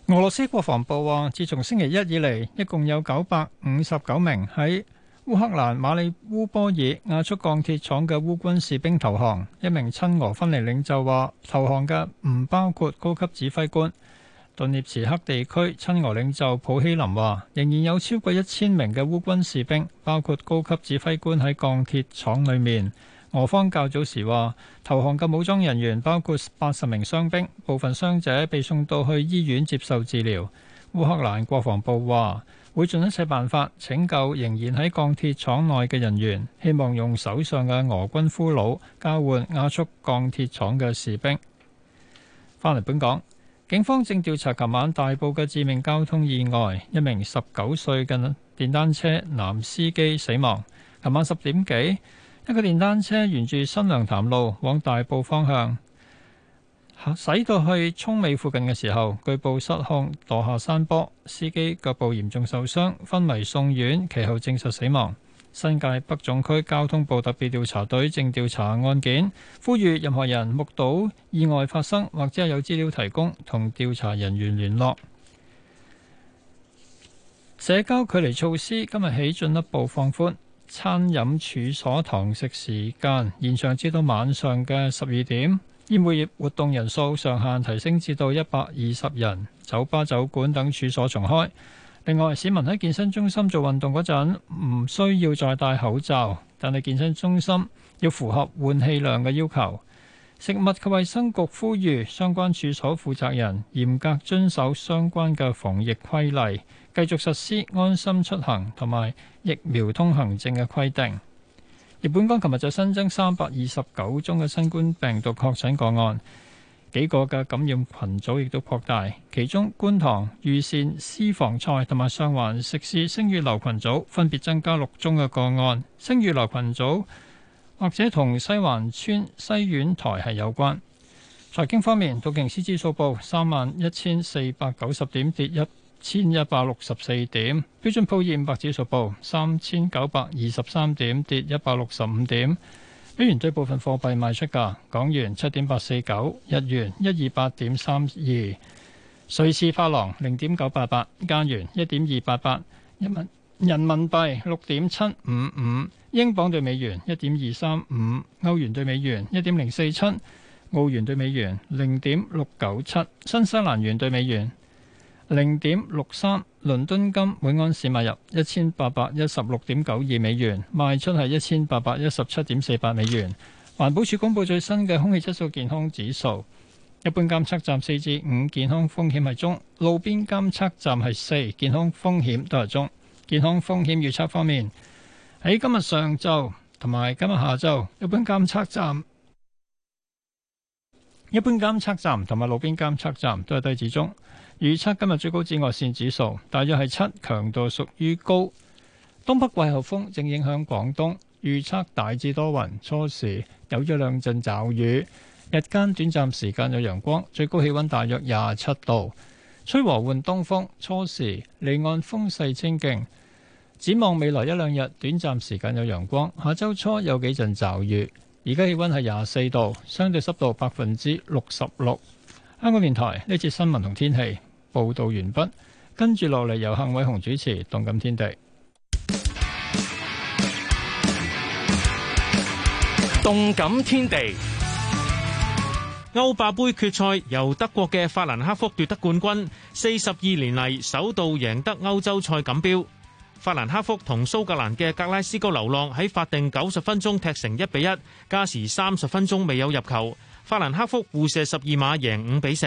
俄羅斯國防部話，自從星期一以嚟，一共有九百五十九名喺烏克蘭馬里烏波爾亞速鋼鐵廠嘅烏軍士兵投降。一名親俄分離領袖話，投降嘅唔包括高級指揮官。頓涅茨克地區親俄領袖普希林話，仍然有超過一千名嘅烏軍士兵，包括高級指揮官喺鋼鐵廠裏面。俄方較早時話，投降嘅武裝人員包括八十名傷兵，部分傷者被送到去醫院接受治療。烏克蘭國防部話，會盡一切辦法拯救仍然喺鋼鐵廠內嘅人員，希望用手上嘅俄軍俘虜交換亞速鋼鐵廠嘅士兵。返嚟本港，警方正調查琴晚大埔嘅致命交通意外，一名十九歲嘅電單車男司機死亡。琴晚十點幾，一個電單車沿住新娘潭路往大埔方向，駛到去涌尾附近嘅時候，據報失控墮下山坡，司機腳部嚴重受傷，昏迷送院，其後證實死亡。新界北總區交通部特別調查隊正調查案件，呼籲任何人目睹意外發生或者有資料提供，同調查人員聯絡。社交距離措施今日起進一步放寬。餐飲處所堂食時間延長至到晚上嘅十二點，宴會業活動人數上限提升至到一百二十人，酒吧、酒館等處所重開。另外，市民喺健身中心做運動嗰陣唔需要再戴口罩，但係健身中心要符合換氣量嘅要求。食物及衛生局呼籲相關處所負責人嚴格遵守相關嘅防疫規例，繼續實施安心出行同埋疫苗通行證嘅規定，而本港琴日就新增三百二十九宗嘅新冠病毒確診個案，幾個嘅感染群組亦都擴大，其中觀塘裕善私房菜同埋上環食肆星月樓群組分別增加六宗嘅個案，星月樓群組或者同西環村西苑台係有關。財經方面，道瓊斯指數報三萬一千四百九十點跌一。千一百六十四點，標準普爾五百指數報三千九百二十三點，跌一百六十五點。美元對部分貨幣賣出價：港元七點八四九，日元一二八點三二，瑞士法郎零點九八八，加元一點二八八，人民人民幣六點七五五，英鎊對美元一點二三五，歐元對美元一點零四七，澳元對美元零點六九七，新西蘭元對美元零點六三，63, 倫敦金每安士買入一千八百一十六點九二美元，賣出係一千八百一十七點四八美元。環保署公布最新嘅空氣質素健康指數，一般監測站四至五，5, 健康風險係中；路邊監測站係四，健康風險都係中。健康風險預測方面，喺今日上晝同埋今日下晝，一般監測站、一般監測站同埋路邊監測站都係低至中。預測今日最高紫外線指數大約係七，強度屬於高。東北季候風正影響廣東，預測大致多雲，初時有咗兩陣驟雨，日間短暫時間有陽光，最高氣温大約廿七度，吹和緩東風，初時離岸風勢清勁。展望未來一兩日短暫時間有陽光，下周初有幾陣驟雨。而家氣温係廿四度，相對濕度百分之六十六。香港電台呢次新聞同天氣。報道完畢，跟住落嚟由幸偉雄主持《動感天地》。動感天地，歐霸杯決賽由德國嘅法蘭克福奪得冠軍，四十二年嚟首度贏得歐洲賽錦標。法蘭克福同蘇格蘭嘅格拉斯哥流浪喺法定九十分鐘踢成一比一，加時三十分鐘未有入球，法蘭克福互射十二碼贏五比四。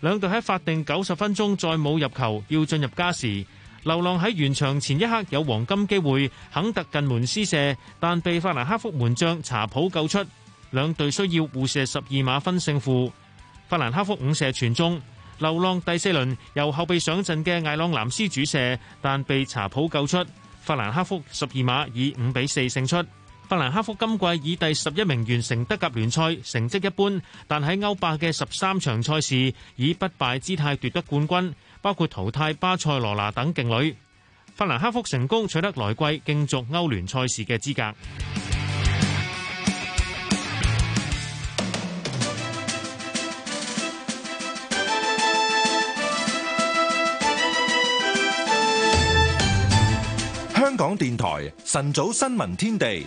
兩隊喺法定九十分鐘再冇入球，要進入加時。流浪喺完場前一刻有黃金機會，肯特近門施射，但被法蘭克福門將查普救出。兩隊需要互射十二碼分勝負。法蘭克福五射全中，流浪第四輪由後備上陣嘅艾朗藍斯主射，但被查普救出。法蘭克福十二碼以五比四勝出。法蘭克福今季以第十一名完成德甲聯賽，成績一般，但喺歐霸嘅十三場賽事以不敗姿態奪得冠軍，包括淘汰巴塞羅那等勁旅。法蘭克福成功取得來季競逐歐聯賽事嘅資格。香港電台晨早新聞天地。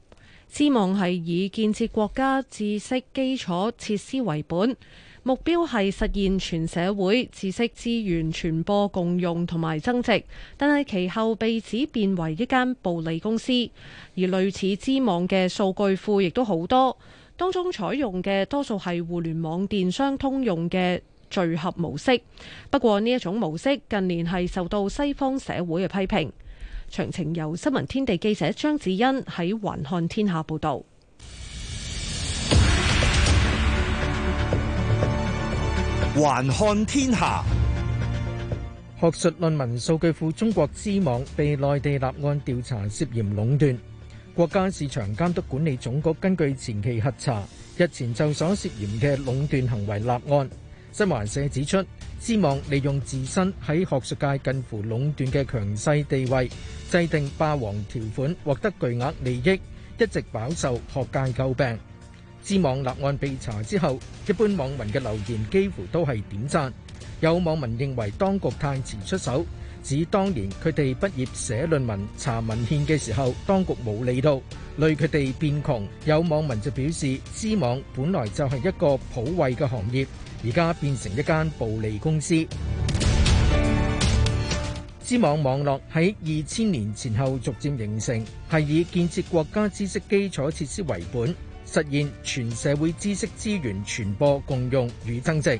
知網係以建設國家知識基礎設施為本，目標係實現全社會知識資源傳播共用同埋增值。但係其後被指變為一間暴利公司，而類似知網嘅數據庫亦都好多，當中採用嘅多數係互聯網電商通用嘅聚合模式。不過呢一種模式近年係受到西方社會嘅批評。詳情由新聞天地記者張子欣喺《還看天下》報道。《還看天下》，學術論文數據庫中國知網被內地立案調查，涉嫌壟斷。國家市場監督管理總局根據前期核查，日前就所涉嫌嘅壟斷行為立案。新華社指出，知網利用自身喺學術界近乎壟斷嘅強勢地位，制定霸王條款，獲得巨額利益，一直飽受學界詬病。知網立案被查之後，一般網民嘅留言幾乎都係點讚。有網民認為當局太遲出手，指當年佢哋畢業寫論文查文獻嘅時候，當局冇理到，累佢哋變窮。有網民就表示，知網本來就係一個普惠嘅行業。而家變成一間暴利公司。知網網絡喺二千年前後逐漸形成，係以建設國家知識基礎設施為本，實現全社會知識資源傳播共用與增值。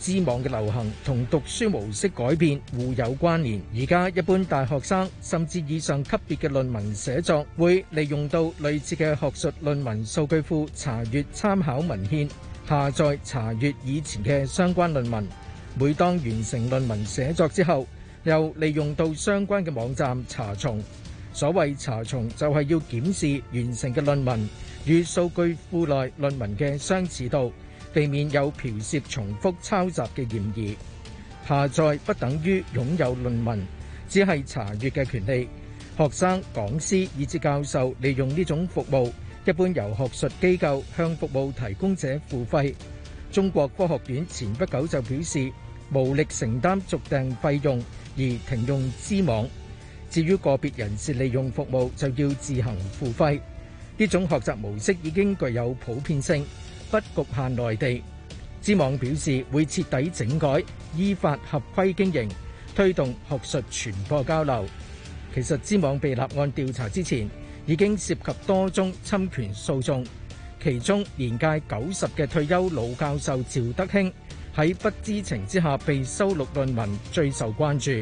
知網嘅流行同讀書模式改變互有關聯。而家一般大學生甚至以上級別嘅論文寫作，會利用到類似嘅學術論文數據庫查閱參考文獻。下載查閲以前嘅相關論文，每當完成論文寫作之後，又利用到相關嘅網站查重。所謂查重就係要檢視完成嘅論文與數據庫內論文嘅相似度，避免有剽竊、重複抄襲嘅嫌疑。下載不等於擁有論文，只係查閲嘅權利。學生、講師以至教授利用呢種服務。一般由學術機構向服務提供者付費。中國科學院前不久就表示無力承擔續訂費用而停用知網。至於個別人士利用服務就要自行付費。呢種學習模式已經具有普遍性，不局限內地。知網表示會徹底整改，依法合規經營，推動學術傳播交流。其實知網被立案調查之前。已經涉及多宗侵權訴訟，其中年屆九十嘅退休老教授趙德興喺不知情之下被收錄論文，最受關注。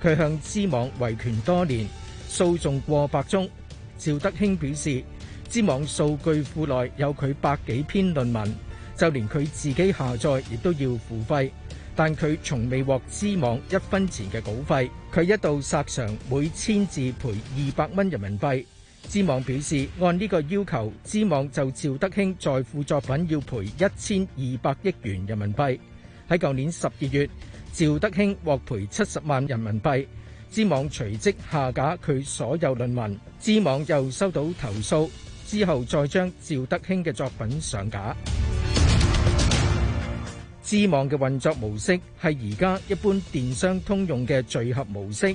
佢向知網維權多年，訴訟過百宗。趙德興表示，知網數據庫內有佢百幾篇論文，就連佢自己下載亦都要付費，但佢從未獲知網一分錢嘅稿費。佢一度索償每千字賠二百蚊人民幣。知網表示，按呢個要求，知網就趙德興在庫作品要賠一千二百億元人民幣。喺舊年十二月，趙德興獲賠七十萬人民幣，知網隨即下架佢所有論文。知網又收到投訴之後，再將趙德興嘅作品上架。知網嘅運作模式係而家一般電商通用嘅聚合模式。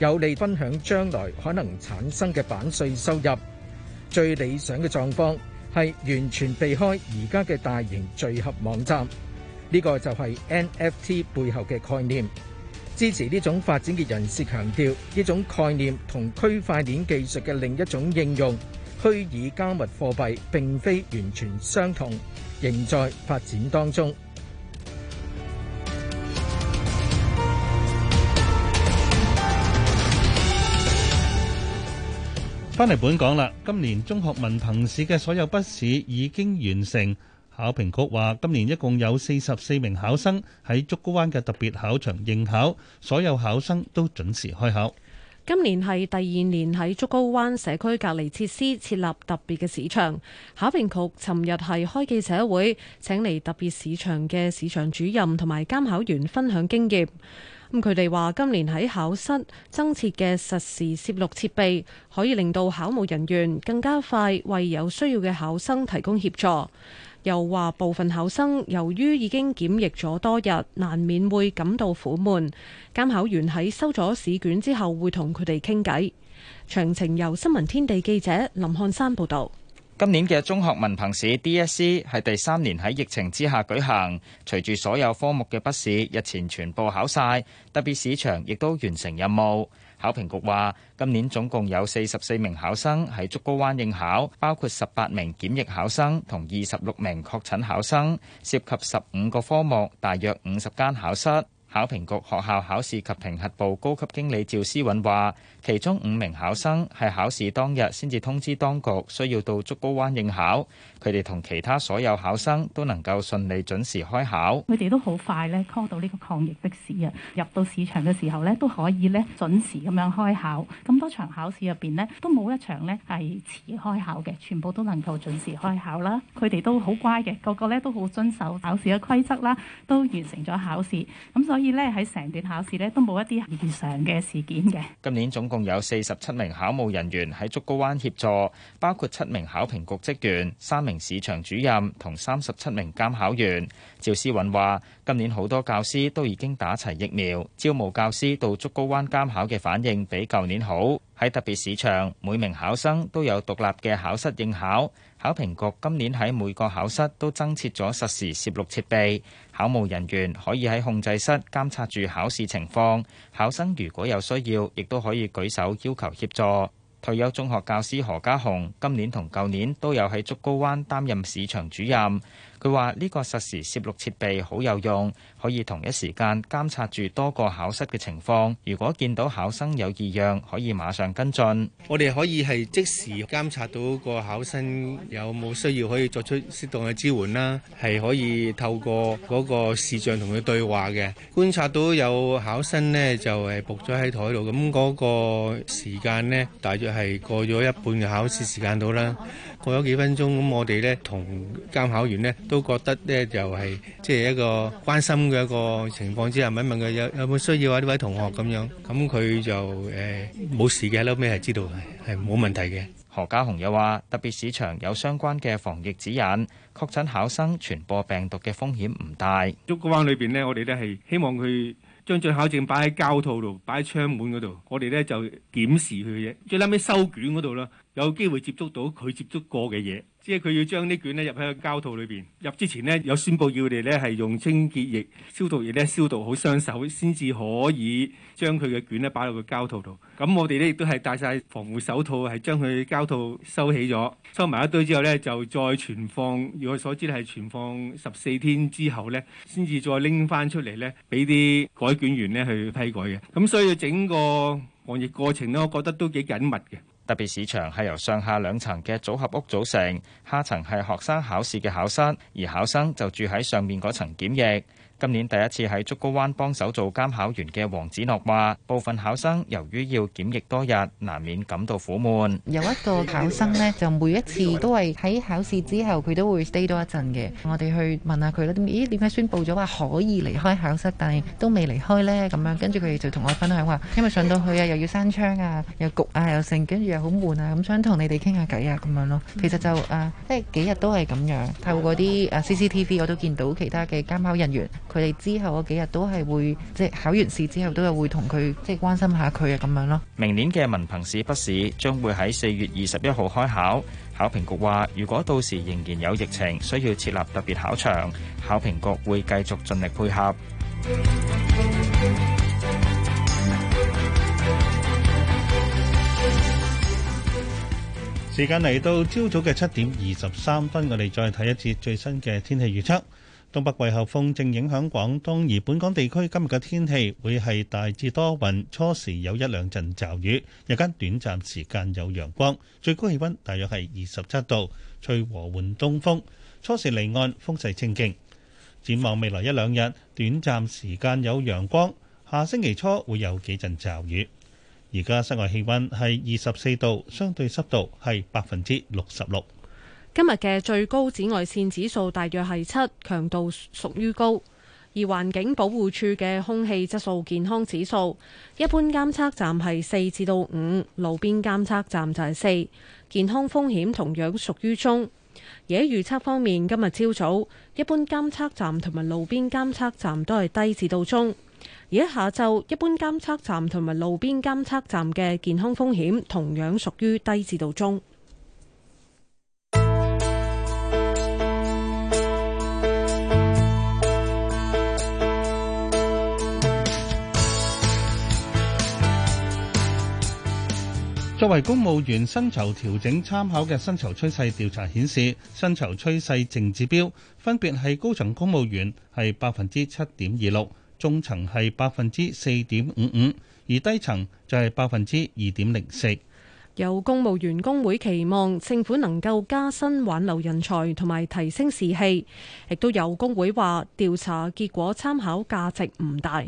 有利分享將來可能產生嘅版稅收入。最理想嘅狀況，係完全避開而家嘅大型聚合網站。呢個就係 NFT 背後嘅概念。支持呢種發展嘅人士強調，呢種概念同區塊鏈技術嘅另一種應用——虛擬加密貨幣——並非完全相同，仍在發展當中。返嚟本港啦，今年中學文憑試嘅所有筆試已經完成。考評局話，今年一共有四十四名考生喺竹篙灣嘅特別考場應考，所有考生都準時開考。今年係第二年喺竹篙灣社區隔離設施設立特別嘅市場，考評局尋日係開記者會，請嚟特別市場嘅市場主任同埋監考員分享經驗。咁佢哋話今年喺考室增設嘅實時攝錄設備，可以令到考務人員更加快為有需要嘅考生提供協助。又話部分考生由於已經檢疫咗多日，難免會感到苦悶。監考員喺收咗試卷之後會，會同佢哋傾偈。詳情由新聞天地記者林漢山報道。今年嘅中學文憑試 DSE 係第三年喺疫情之下舉行，隨住所有科目嘅筆試日前全部考晒，特別市場亦都完成任務。考評局話，今年總共有四十四名考生喺竹篙灣應考，包括十八名檢疫考生同二十六名確診考生，涉及十五個科目，大約五十間考室。考評局學校考試及評核部高級經理趙思韻話，其中五名考生係考試當日先至通知當局，需要到竹篙灣應考。佢哋同其他所有考生都能夠順利準時開考，佢哋都好快咧 call 到呢個抗疫的士啊，入到市場嘅時候咧，都可以咧準時咁樣開考。咁多場考試入邊咧，都冇一場咧係遲開考嘅，全部都能夠準時開考啦。佢哋都好乖嘅，個個咧都好遵守考試嘅規則啦，都完成咗考試，咁所以咧喺成段考試咧都冇一啲異常嘅事件嘅。今年總共有四十七名考務人員喺竹篙灣協助，包括七名考評局職員，三名。市場主任同三十七名監考員趙思韻話，今年好多教師都已經打齊疫苗，招募教師到竹篙灣監考嘅反應比舊年好。喺特別市場，每名考生都有獨立嘅考室應考，考評局今年喺每個考室都增設咗實時攝錄設備，考務人員可以喺控制室監察住考試情況，考生如果有需要，亦都可以舉手要求協助。退休中學教師何家雄今年同舊年都有喺竹篙灣擔任市場主任。佢話：呢個實時攝錄設備好有用，可以同一時間監察住多個考室嘅情況。如果見到考生有異樣，可以馬上跟進。我哋可以係即時監察到個考生有冇需要，可以作出適當嘅支援啦。係可以透過嗰個視像同佢對話嘅，觀察到有考生咧就係伏咗喺台度。咁嗰個時間咧大約。係過咗一半嘅考試時間到啦，過咗幾分鐘，咁我哋呢同監考員呢都覺得呢又係即係一個關心嘅一個情況之下，係咪問佢有有冇需要啊？呢位同學咁樣，咁佢就誒冇事嘅，後尾係知道係冇問題嘅。何家雄又話：特別市場有相關嘅防疫指引，確診考生傳播病毒嘅風險唔大。竹篙灣裏邊呢，我哋都係希望佢。將准考證擺喺膠套度，擺喺窗門嗰度，我哋咧就檢視佢嘅嘢，最拉尾收卷嗰度啦，有機會接觸到佢接觸過嘅嘢。即係佢要將啲卷咧入喺個膠套裏邊，入之前呢，有宣布要我哋咧係用清潔液、消毒液咧消毒好雙手，先至可以將佢嘅卷咧擺落個膠套度。咁我哋咧亦都係戴晒防護手套，係將佢膠套收起咗，收埋一堆之後咧就再存放。如我所知咧係存放十四天之後咧，先至再拎翻出嚟咧，俾啲改卷員咧去批改嘅。咁所以整個防疫過程咧，我覺得都幾緊密嘅。特別市場係由上下兩層嘅組合屋組成，下層係學生考試嘅考室，而考生就住喺上面嗰層檢疫。今年第一次喺竹篙灣幫手做監考員嘅黃子諾話，部分考生由於要檢疫多日，難免感到苦悶。有一個考生呢，就每一次都係喺考試之後，佢都會 stay 多一陣嘅。我哋去問下佢啦。咦？點解宣佈咗話可以離開考室，但係都未離開呢？咁樣跟住佢就同我分享話，因為上到去啊，又要閂窗啊，又焗啊，又剩，跟住又好悶啊，咁想同你哋傾下偈啊，咁樣咯。其實就誒，即、啊、係幾日都係咁樣。透過啲 CCTV，我都見到其他嘅監考人員。佢哋之後嗰幾日都係會即係考完試之後，都有會同佢即係關心下佢啊咁樣咯。明年嘅文憑試筆試將會喺四月二十一號開考，考評局話，如果到時仍然有疫情，需要設立特別考場，考評局會繼續盡力配合。時間嚟到朝早嘅七點二十三分，我哋再睇一次最新嘅天氣預測。東北季候風正影響廣東，而本港地區今日嘅天氣會係大致多雲，初時有一兩陣驟雨，日間短暫時間有陽光，最高氣溫大約係二十七度，吹和緩東風，初時離岸風勢清勁。展望未來一兩日，短暫時間有陽光，下星期初會有幾陣驟雨。而家室外氣溫係二十四度，相對濕度係百分之六十六。今日嘅最高紫外線指數大約係七，強度屬於高。而環境保護署嘅空氣質素健康指數，一般監測站係四至到五，路邊監測站就係四，健康風險同樣屬於中。而喺預測方面，今日朝早一般監測站同埋路邊監測站都係低至到中。而喺下晝，一般監測站同埋路邊監測站嘅健康風險同樣屬於低至到中。作為公務員薪酬調整參考嘅薪酬趨勢調查顯示，薪酬趨勢淨指標分別係高層公務員係百分之七點二六，中層係百分之四點五五，而低層就係百分之二點零四。有公務員工會期望政府能夠加薪挽留人才同埋提升士氣，亦都有工會話調查結果參考價值唔大。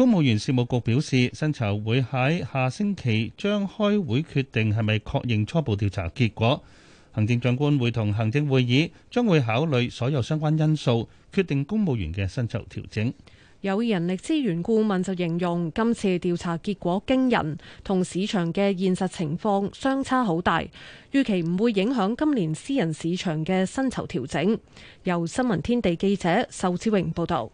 公務員事務局表示，薪酬會喺下星期將開會決定係咪確認初步調查結果。行政長官會同行政會議將會考慮所有相關因素，決定公務員嘅薪酬調整。有人力資源顧問就形容今次調查結果驚人，同市場嘅現實情況相差好大，預期唔會影響今年私人市場嘅薪酬調整。由新聞天地記者仇志榮報導。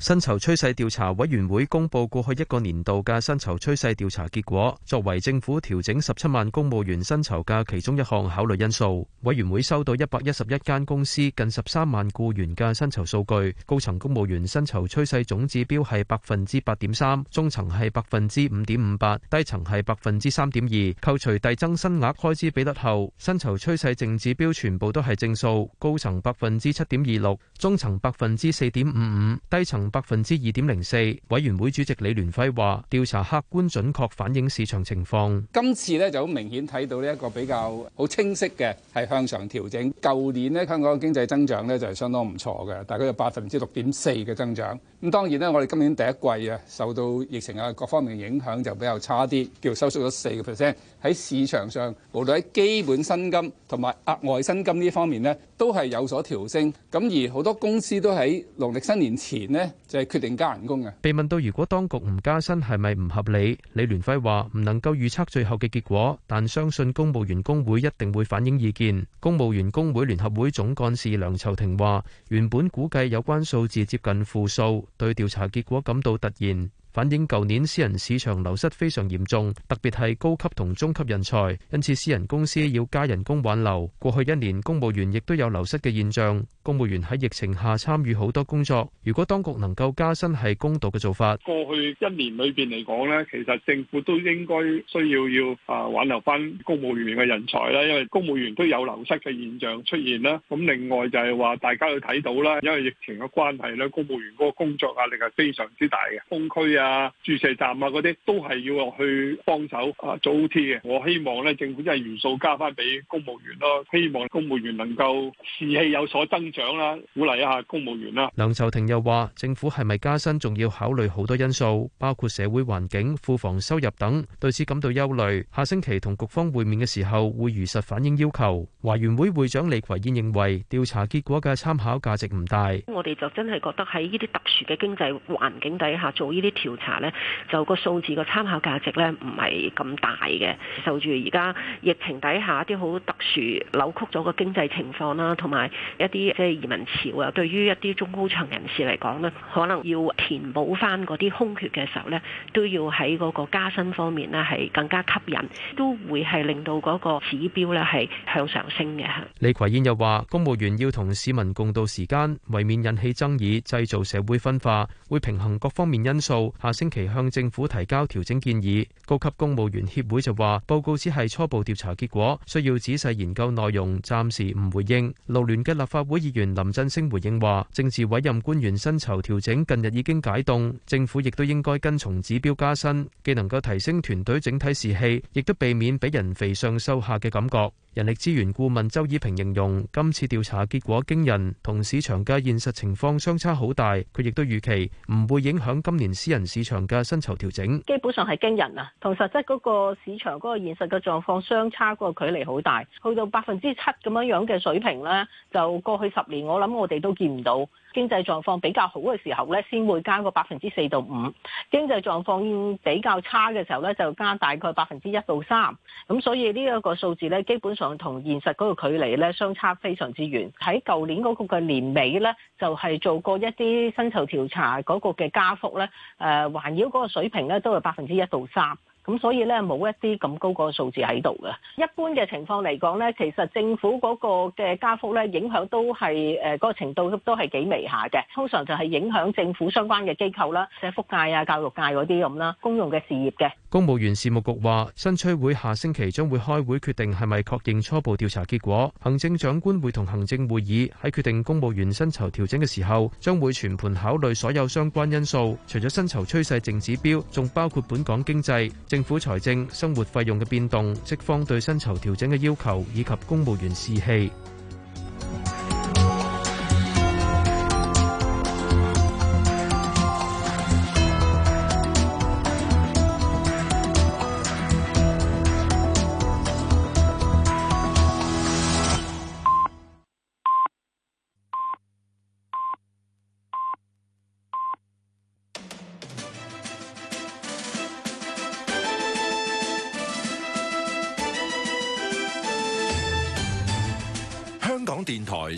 薪酬趨勢調查委員會公布過去一個年度嘅薪酬趨勢調查結果，作為政府調整十七萬公務員薪酬嘅其中一項考慮因素。委員會收到一百一十一間公司近十三萬僱員嘅薪酬數據。高層公務員薪酬趨勢總指標係百分之八點三，中層係百分之五點五八，低層係百分之三點二。扣除遞增薪額開支比率後，薪酬趨勢淨指標全部都係正數。高層百分之七點二六，中層百分之四點五五，低層。百分之二點零四，委員會主席李聯輝話：調查客觀準確反映市場情況。今次咧就好明顯睇到呢一個比較好清晰嘅係向上調整。舊年呢，香港嘅經濟增長咧就係相當唔錯嘅，大概有百分之六點四嘅增長。咁當然咧，我哋今年第一季啊，受到疫情啊各方面影響就比較差啲，叫收縮咗四個 percent。喺市場上，無論喺基本薪金同埋額外薪金呢方面呢。都係有所調升，咁而好多公司都喺農曆新年前呢，就係決定加人工嘅。被問到如果當局唔加薪係咪唔合理，李聯輝話唔能夠預測最後嘅結果，但相信公務員工會一定會反映意見。公務員工會聯合會總幹事梁籌庭話：原本估計有關數字接近負數，對調查結果感到突然。反映舊年私人市場流失非常嚴重，特別係高級同中級人才，因此私人公司要加人工挽留。過去一年公務員亦都有流失嘅現象，公務員喺疫情下參與好多工作。如果當局能夠加薪係公道嘅做法。過去一年裏邊嚟講呢，其實政府都應該需要要啊挽留返公務員嘅人才啦，因為公務員都有流失嘅現象出現啦。咁另外就係話大家去睇到啦，因為疫情嘅關係呢，公務員嗰個工作壓力係非常之大嘅，封區啊～啊，注射站啊，嗰啲都係要落去幫手啊，做 O.T. 嘅。我希望咧，政府真係元素加翻俾公務員咯。希望公務員能夠士氣有所增長啦，鼓勵一下公務員啦。梁籌庭又話：政府係咪加薪，仲要考慮好多因素，包括社會環境、庫房收入等，對此感到憂慮。下星期同局方會面嘅時候，會如實反映要求。華員會會長李葵燕認為，調查結果嘅參考價值唔大。我哋就真係覺得喺呢啲特殊嘅經濟環境底下做呢啲調。調查咧，就個數字個參考價值咧，唔係咁大嘅。受住而家疫情底下啲好特殊扭曲咗個經濟情況啦，同埋一啲即係移民潮啊，對於一啲中高層人士嚟講呢，可能要填補翻嗰啲空缺嘅時候咧，都要喺嗰個加薪方面呢，係更加吸引，都會係令到嗰個指標咧係向上升嘅。李葵燕又話，公務員要同市民共度時間，為免引起爭議，製造社會分化，會平衡各方面因素。下星期向政府提交調整建議。高級公務員協會就話，報告只係初步調查結果，需要仔細研究內容，暫時唔回應。勞聯嘅立法會議員林振昇回應話，政治委任官員薪酬調整近日已經解凍，政府亦都應該跟從指標加薪，既能夠提升團隊整體士氣，亦都避免俾人肥上瘦下嘅感覺。人力資源顧問周以平形容今次調查結果驚人，同市場嘅現實情況相差好大。佢亦都預期唔會影響今年私人市場嘅薪酬調整。基本上係驚人啊，同實質嗰個市場嗰個現實嘅狀況相差嗰個距離好大，去到百分之七咁樣樣嘅水平咧，就過去十年我諗我哋都見唔到。經濟狀況比較好嘅時候咧，先會加個百分之四到五；經濟狀況比較差嘅時候咧，就加大概百分之一到三。咁所以呢一個數字咧，基本上同現實嗰個距離咧，相差非常之遠。喺舊年嗰個嘅年尾咧，就係做過一啲薪酬調查嗰個嘅加幅咧，誒，呃，環繞嗰個水平咧，都係百分之一到三。咁所以咧，冇一啲咁高個數字喺度嘅。一般嘅情況嚟講咧，其實政府嗰個嘅加幅咧，影響都係誒，嗰個程度都係幾微下嘅。通常就係影響政府相關嘅機構啦，社福界啊、教育界嗰啲咁啦，公用嘅事業嘅。公務員事務局話，薪趨會下星期將會開會決定係咪確認初步調查結果。行政長官會同行政會議喺決定公務員薪酬調整嘅時候，將會全盤考慮所有相關因素，除咗薪酬趨勢淨指標，仲包括本港經濟。政府財政、生活費用嘅變動、職方對薪酬調整嘅要求，以及公務員士氣。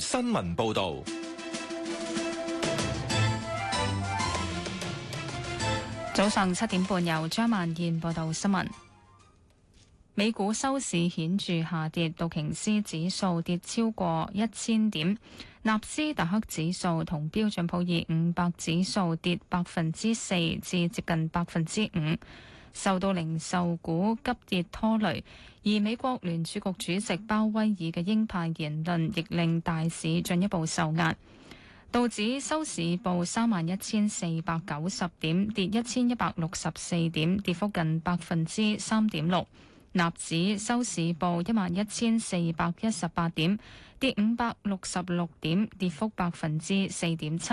新聞報道。早上七點半，由張曼燕報道新聞。美股收市顯著下跌，道瓊斯指數跌超過一千點，納斯達克指數同標準普爾五百指數跌百分之四至接近百分之五。受到零售股急跌拖累，而美國聯儲局主席鮑威爾嘅鷹派言論亦令大市進一步受壓。道指收市報三萬一千四百九十點，跌一千一百六十四點，跌幅近百分之三點六。納指收市報一萬一千四百一十八點，跌五百六十六點，跌幅百分之四點七。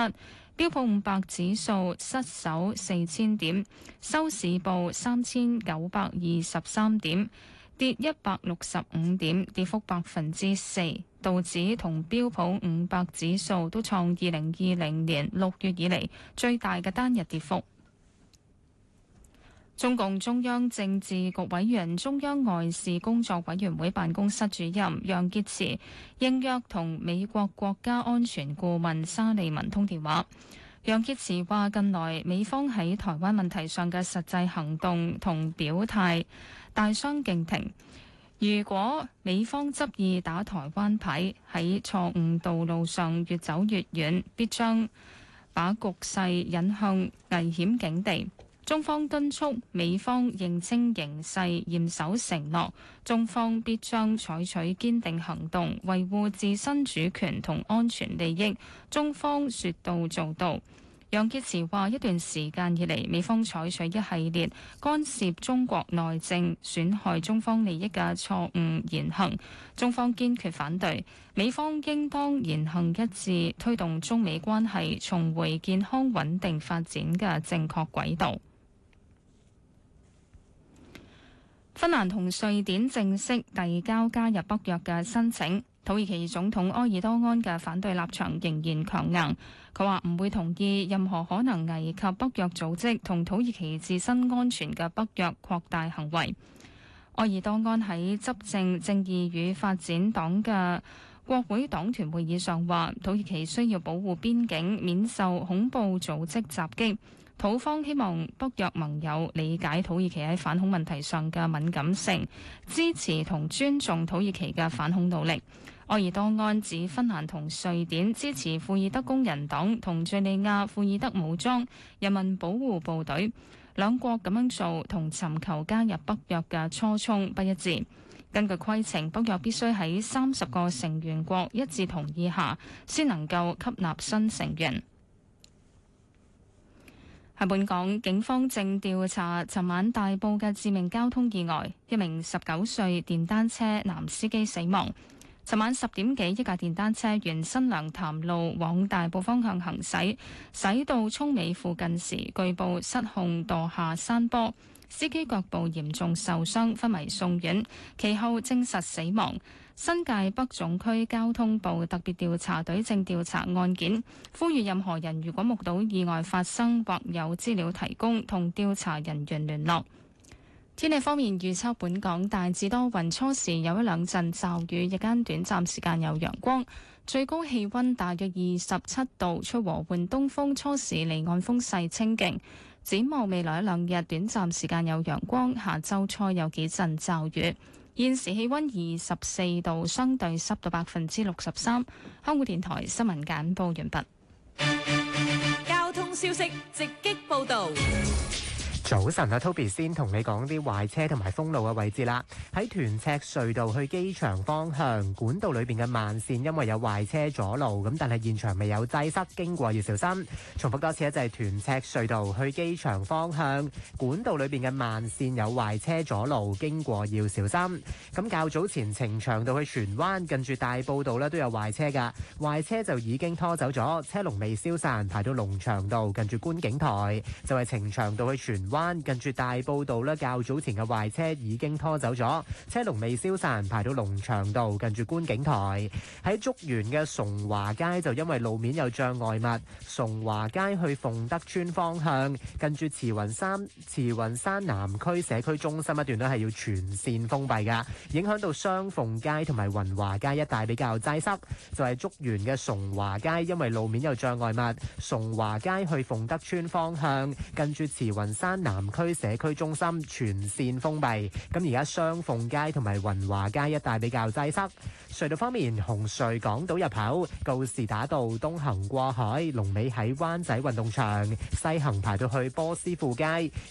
標普五百指數失守四千點，收市報三千九百二十三點，跌一百六十五點，跌幅百分之四。道指同標普五百指數都創二零二零年六月以嚟最大嘅單日跌幅。中共中央政治局委員、中央外事工作委員會辦公室主任楊潔篪應約同美國國家安全顧問沙利文通電話。楊潔篪話：近來美方喺台灣問題上嘅實際行動同表態大相徑庭。如果美方執意打台灣牌，喺錯誤道路上越走越遠，必將把局勢引向危險境地。中方敦促美方認清形勢，嚴守承諾。中方必將採取堅定行動，維護自身主權同安全利益。中方說到做到。楊潔篪話，一段時間以嚟，美方採取一系列干涉中國內政、損害中方利益嘅錯誤言行，中方堅決反對。美方應當言行一致，推動中美關係重回健康穩定發展嘅正確軌道。芬蘭同瑞典正式遞交加入北約嘅申請。土耳其總統埃爾多安嘅反對立場仍然強硬，佢話唔會同意任何可能危及北約組織同土耳其自身安全嘅北約擴大行為。埃爾多安喺執政正義與發展黨嘅國會黨團會議上話，土耳其需要保護邊境免受恐怖組織襲擊。土方希望北約盟友理解土耳其喺反恐問題上嘅敏感性，支持同尊重土耳其嘅反恐努力。愛爾多安指芬蘭同瑞典支持庫爾德工人黨同敘利亞庫爾德武裝人民保護部隊，兩國咁樣做同尋求加入北約嘅初衷不一致。根據規程，北約必須喺三十個成員國一致同意下，先能夠吸納新成員。喺本港，警方正調查昨晚大埔嘅致命交通意外，一名十九歲電單車男司機死亡。昨晚十點幾，一架電單車沿新娘潭路往大埔方向行駛，駛到涌尾附近時，據報失控墮下山坡，司機腳部嚴重受傷，昏迷送院，其後證實死亡。新界北總區交通部特別調查隊正調查案件，呼籲任何人如果目睹意外發生或有資料提供，同調查人員聯絡。天氣方面預測，本港大致多雲，初時有一兩陣驟雨，日間短暫時間有陽光，最高氣溫大約二十七度，出和緩東風，初時離岸風勢清勁。展望未來一兩日，短暫時間有陽光，下周初有幾陣驟雨。現時氣溫二十四度，相對濕度百分之六十三。香港電台新聞簡報完畢。交通消息直擊報道。早晨啊，Toby 先同你講啲壞車同埋封路嘅位置啦。喺屯赤隧道去機場方向管道裏邊嘅慢線，因為有壞車阻路，咁但係現場未有擠塞，經過要小心。重複多次咧，就係屯赤隧道去機場方向管道裏邊嘅慢線有壞車阻路，經過要小心。咁較早前呈祥道去荃灣近住大埔道咧都有壞車噶，壞車就已經拖走咗，車龍未消散，排到龍翔道近住觀景台就係呈祥道去荃灣。灣近住大埔道咧，較早前嘅壞車已經拖走咗，車龍未消散，排到龍翔道近住觀景台。喺竹園嘅崇華街就因為路面有障礙物，崇華街去鳳德村方向，近住慈雲山，慈雲山南區社區中心一段咧係要全線封閉噶影響到雙鳳街同埋雲華街一帶比較擠塞。就係竹園嘅崇華街，因為路面有障礙物，崇華街去鳳德村方向，近住慈雲山。南區社區中心全線封閉，咁而家雙鳳街同埋雲華街一帶比較擠塞。隧道方面，紅隧港島入口告士打道東行過海，龍尾喺灣仔運動場；西行排到去波斯富街。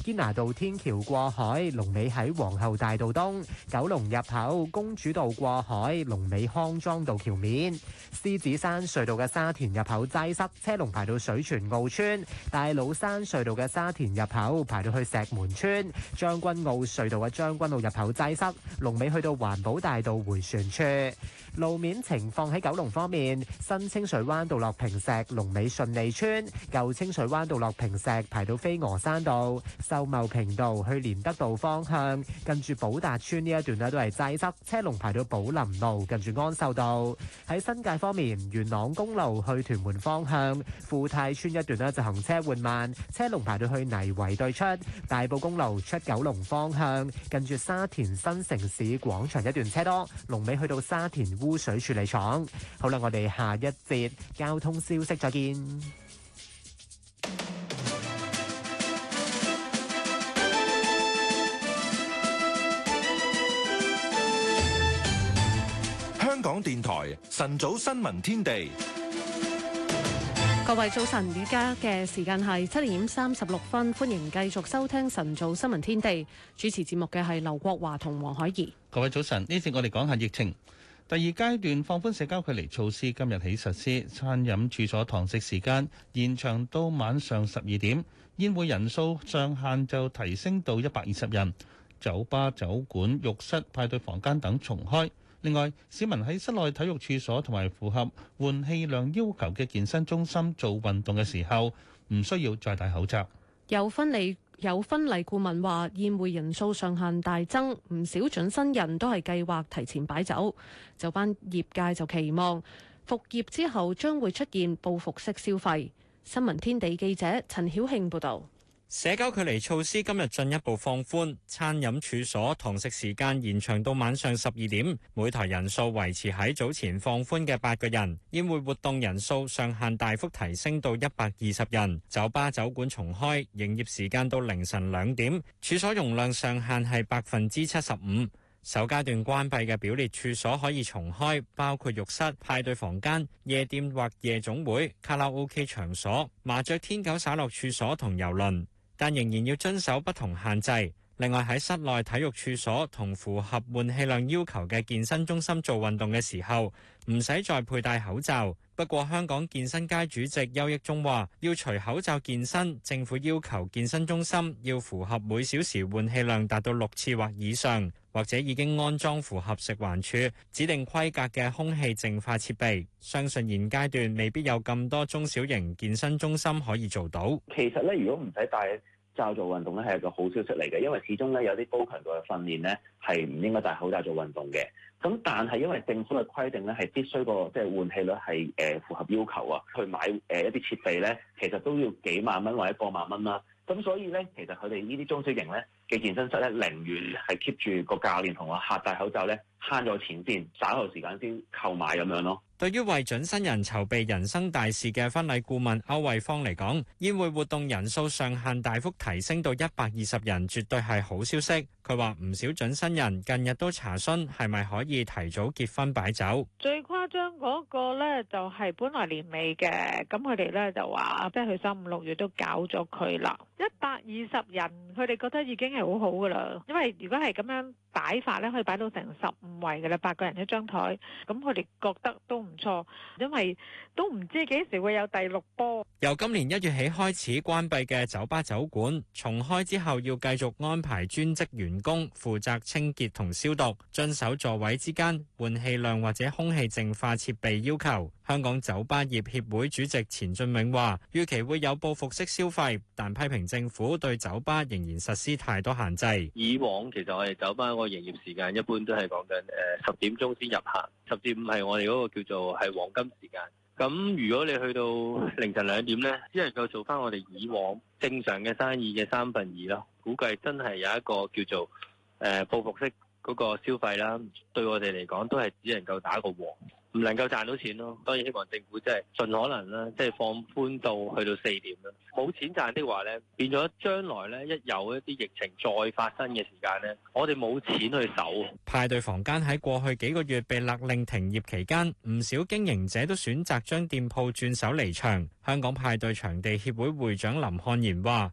堅拿道天橋過海，龍尾喺皇后大道東。九龍入口公主道過海，龍尾康莊道橋面。獅子山隧道嘅沙田入口擠塞，車龍排到水泉澳村。大老山隧道嘅沙田入口排去石門村，將軍澳隧道嘅將軍澳入口擠塞，龍尾去到環保大道回旋處。路面情況，喺九龍方面，新清水灣道落坪石、龍尾順利村、舊清水灣道落坪石排到飛鵝山道、秀茂坪道去蓮德道方向，跟住寶達邨呢一段咧都係擠塞，車龍排到寶林路，跟住安秀道。喺新界方面，元朗公路去屯門方向，富泰邨一段咧就行車緩慢，車龍排到去泥圍對出、大埔公路出九龍方向，跟住沙田新城市廣場一段車多，龍尾去到沙田污水處理廠。好啦，我哋下一節交通消息再見。香港電台晨早新聞天地，各位早晨，而家嘅時間係七點三十六分，歡迎繼續收聽晨早新聞天地。主持節目嘅係劉國華同黃海怡。各位早晨，呢次我哋講下疫情。第二階段放寬社交距離措施今日起實施，餐飲處所堂食時間延長到晚上十二點，宴會人數上限就提升到一百二十人。酒吧、酒館、浴室、派對房間等重開。另外，市民喺室內體育處所同埋符合換氣量要求嘅健身中心做運動嘅時候，唔需要再戴口罩有分離。有婚禮顧問話，宴會人數上限大增，唔少準新人都係計劃提前擺酒。就班業界就期望復業之後將會出現報復式消費。新聞天地記者陳曉慶報導。社交距離措施今日進一步放寬，餐飲處所堂食時間延長到晚上十二點，每台人數維持喺早前放寬嘅八個人。宴會活動人數上限大幅提升到一百二十人。酒吧酒館重開，營業時間到凌晨兩點，處所容量上限係百分之七十五。首階段關閉嘅表列處所可以重開，包括浴室、派對房間、夜店或夜總會、卡拉 OK 場所、麻雀天九耍樂處所同遊輪。但仍然要遵守不同限制。另外喺室內體育處所同符合換氣量要求嘅健身中心做運動嘅時候，唔使再佩戴口罩。不過，香港健身界主席邱益中話：要除口罩健身，政府要求健身中心要符合每小時換氣量達到六次或以上，或者已經安裝符合食環署指定規格嘅空氣淨化設備。相信現階段未必有咁多中小型健身中心可以做到。其實咧，如果唔使戴罩做運動咧係一個好消息嚟嘅，因為始終咧有啲高強度嘅訓練咧係唔應該戴口罩做運動嘅。咁但係因為政府嘅規定咧係必須個即係換氣率係誒、呃、符合要求啊，去買誒、呃、一啲設備咧，其實都要幾萬蚊或者過萬蚊啦、啊。咁所以咧，其實佢哋呢啲中小型咧。嘅健身室咧，寧願係 keep 住個教練同我嚇戴口罩咧，慳咗錢先，曬多時間先購買咁樣咯。對於為準新人籌備人生大事嘅婚禮顧問歐惠芳嚟講，宴會活動人數上限大幅提升到一百二十人，絕對係好消息。佢話唔少準新人近日都查詢係咪可以提早結婚擺酒。最誇張嗰個咧，就係本來年尾嘅，咁佢哋咧就話即係去三五六月都搞咗佢啦。一百二十人，佢哋覺得已經。係好好噶啦，因為如果係咁樣擺法咧，可以擺到成十五圍噶啦，八個人一張台，咁佢哋覺得都唔錯，因為都唔知幾時會有第六波。由今年一月起開始關閉嘅酒吧酒館，重開之後要繼續安排專職員工負責清潔同消毒，遵守座位之間換氣量或者空氣淨化設備要求。香港酒吧業協會主席錢俊永話，預期會有報復式消費，但批評政府對酒吧仍然實施太多限制。以往其實我哋酒吧個營業時間一般都係講緊誒十點鐘先入客，十至五係我哋嗰個叫做係黃金時間。咁如果你去到凌晨兩點咧，只能夠做翻我哋以往正常嘅生意嘅三分二咯。估計真係有一個叫做誒、呃、報復式嗰個消費啦，對我哋嚟講都係只能夠打個和。唔能夠賺到錢咯，當然希望政府即係盡可能啦，即係放寬到去到四點啦。冇錢賺的話咧，變咗將來咧一有一啲疫情再發生嘅時間咧，我哋冇錢去守派對房間喺過去幾個月被勒令停業期間，唔少經營者都選擇將店鋪轉手離場，香港派對場地協會會長林漢賢話。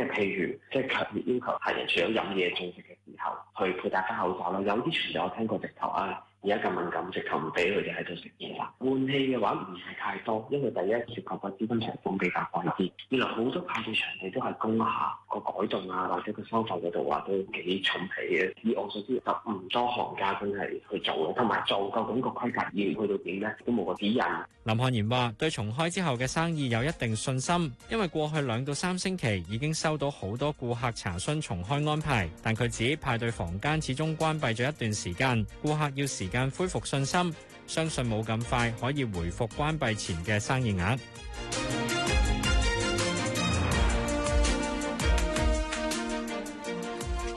即係譬如，即係強烈要求客人除咗飲嘢、進食嘅時候，去佩戴翻口罩咯。有啲時，有聽過直頭啊。而家咁敏感，直頭唔俾佢哋喺度食嘢啦。換氣嘅話唔係太多，因為第一，涉及個資金成本比較貴啲。原來好多派對場地都係工廈個改動啊，或者個收費嗰度啊都幾重皮嘅。以我所知，就唔多行家佢係去做咯。同埋做夠咁個規格要去到點咧，都冇個指引。林漢賢話：對重開之後嘅生意有一定信心，因為過去兩到三星期已經收到好多顧客查詢重開安排。但佢指派對房間始終關閉咗一段時間，顧客要時。間恢復信心，相信冇咁快可以回復關閉前嘅生意額。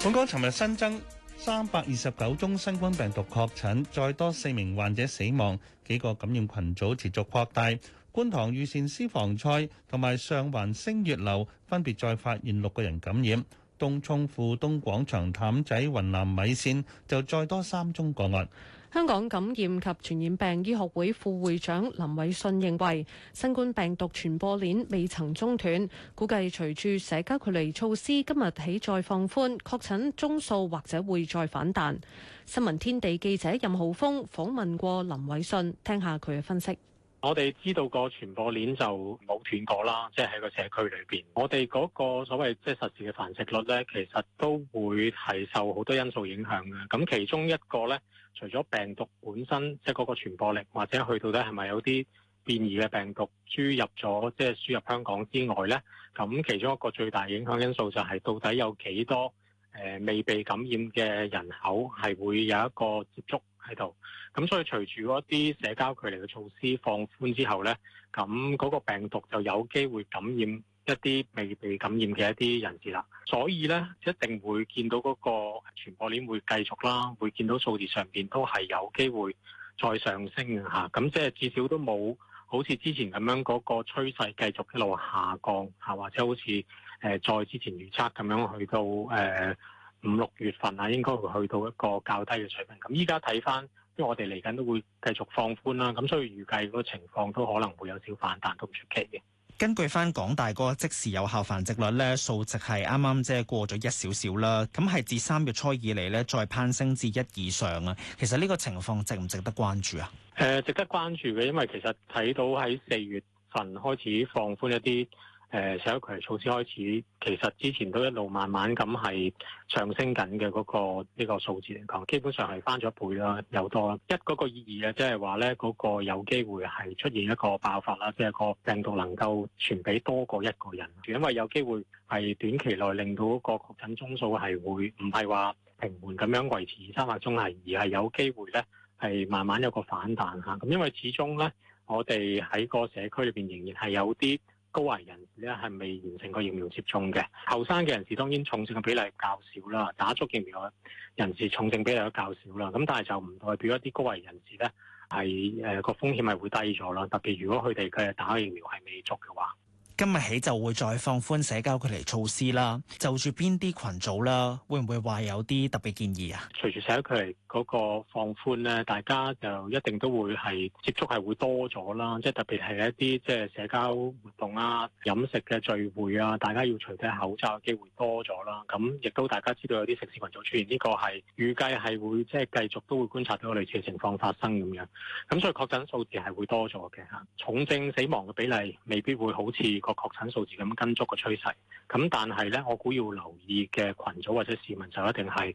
本港尋日新增三百二十九宗新冠病毒確診，再多四名患者死亡。幾個感染群組持續擴大，觀塘御善私房菜同埋上環星月樓分別再發現六個人感染，東涌富東廣場氹仔雲南米線就再多三宗個案。香港感染及傳染病醫學會副會長林偉信認為新冠病毒傳播鏈未曾中斷，估計隨住社交距離措施今日起再放寬，確診宗數或者會再反彈，新聞天地記者任浩峰訪問過林偉信，聽下佢嘅分析。我哋知道個傳播鏈就冇斷過啦，即係喺個社區裏邊，我哋嗰個所謂即係實時嘅繁殖率咧，其實都會係受好多因素影響嘅。咁其中一個咧。除咗病毒本身即係嗰個傳播力，或者去到底係咪有啲變異嘅病毒輸入咗，即係輸入香港之外咧，咁其中一個最大影響因素就係到底有幾多誒、呃、未被感染嘅人口係會有一個接觸喺度，咁所以隨住嗰啲社交距離嘅措施放寬之後咧，咁嗰個病毒就有機會感染。一啲未被感染嘅一啲人士啦，所以咧一定會見到嗰個傳播鏈會繼續啦，會見到數字上邊都係有機會再上升嘅吓，咁即係至少都冇好似之前咁樣嗰、那個趨勢繼續一路下降吓、啊，或者好似誒、呃、再之前預測咁樣去到誒五六月份啊，應該會去到一個較低嘅水平。咁依家睇翻，因為我哋嚟緊都會繼續放寬啦，咁、啊、所以預計個情況都可能會有少反彈都唔出奇嘅。根據翻港大嗰個即時有效繁殖率咧，數值係啱啱即係過咗一少少啦。咁係自三月初以嚟咧，再攀升至一以上啊。其實呢個情況值唔值得關注啊？誒、呃，值得關注嘅，因為其實睇到喺四月份開始放寬一啲。誒，首期措施開始，其實之前都一路慢慢咁係上升緊嘅嗰個呢、這個數字嚟講，基本上係翻咗一倍啦，又多啦。一嗰、那個意義咧，即係話咧，嗰、那個有機會係出現一個爆發啦，即係個病毒能夠傳俾多過一個人。因為有機會係短期內令到個確診宗數係會唔係話平緩咁樣維持三百宗係，而係有機會咧係慢慢有個反彈嚇。咁因為始終咧，我哋喺個社區裏邊仍然係有啲。高危人士咧係未完成過疫苗接種嘅，後生嘅人士當然重症嘅比例較少啦，打足疫苗嘅人士重症比例都較少啦，咁但係就唔代表一啲高危人士咧係誒個風險係會低咗啦，特別如果佢哋嘅打疫苗係未足嘅話。今日起就會再放寬社交距離措施啦，就住邊啲群組啦，會唔會話有啲特別建議啊？隨住社交距離嗰個放寬咧，大家就一定都會係接觸係會多咗啦，即係特別係一啲即係社交活動啊、飲食嘅聚會啊，大家要除低口罩嘅機會多咗啦。咁亦都大家知道有啲食肆群組出現呢個係預計係會即係繼續都會觀察到類似嘅情況發生咁樣，咁所以確診數字係會多咗嘅嚇，重症死亡嘅比例未必會好似。個確診數字咁跟足個趨勢，咁但係咧，我估要留意嘅群組或者市民就一定係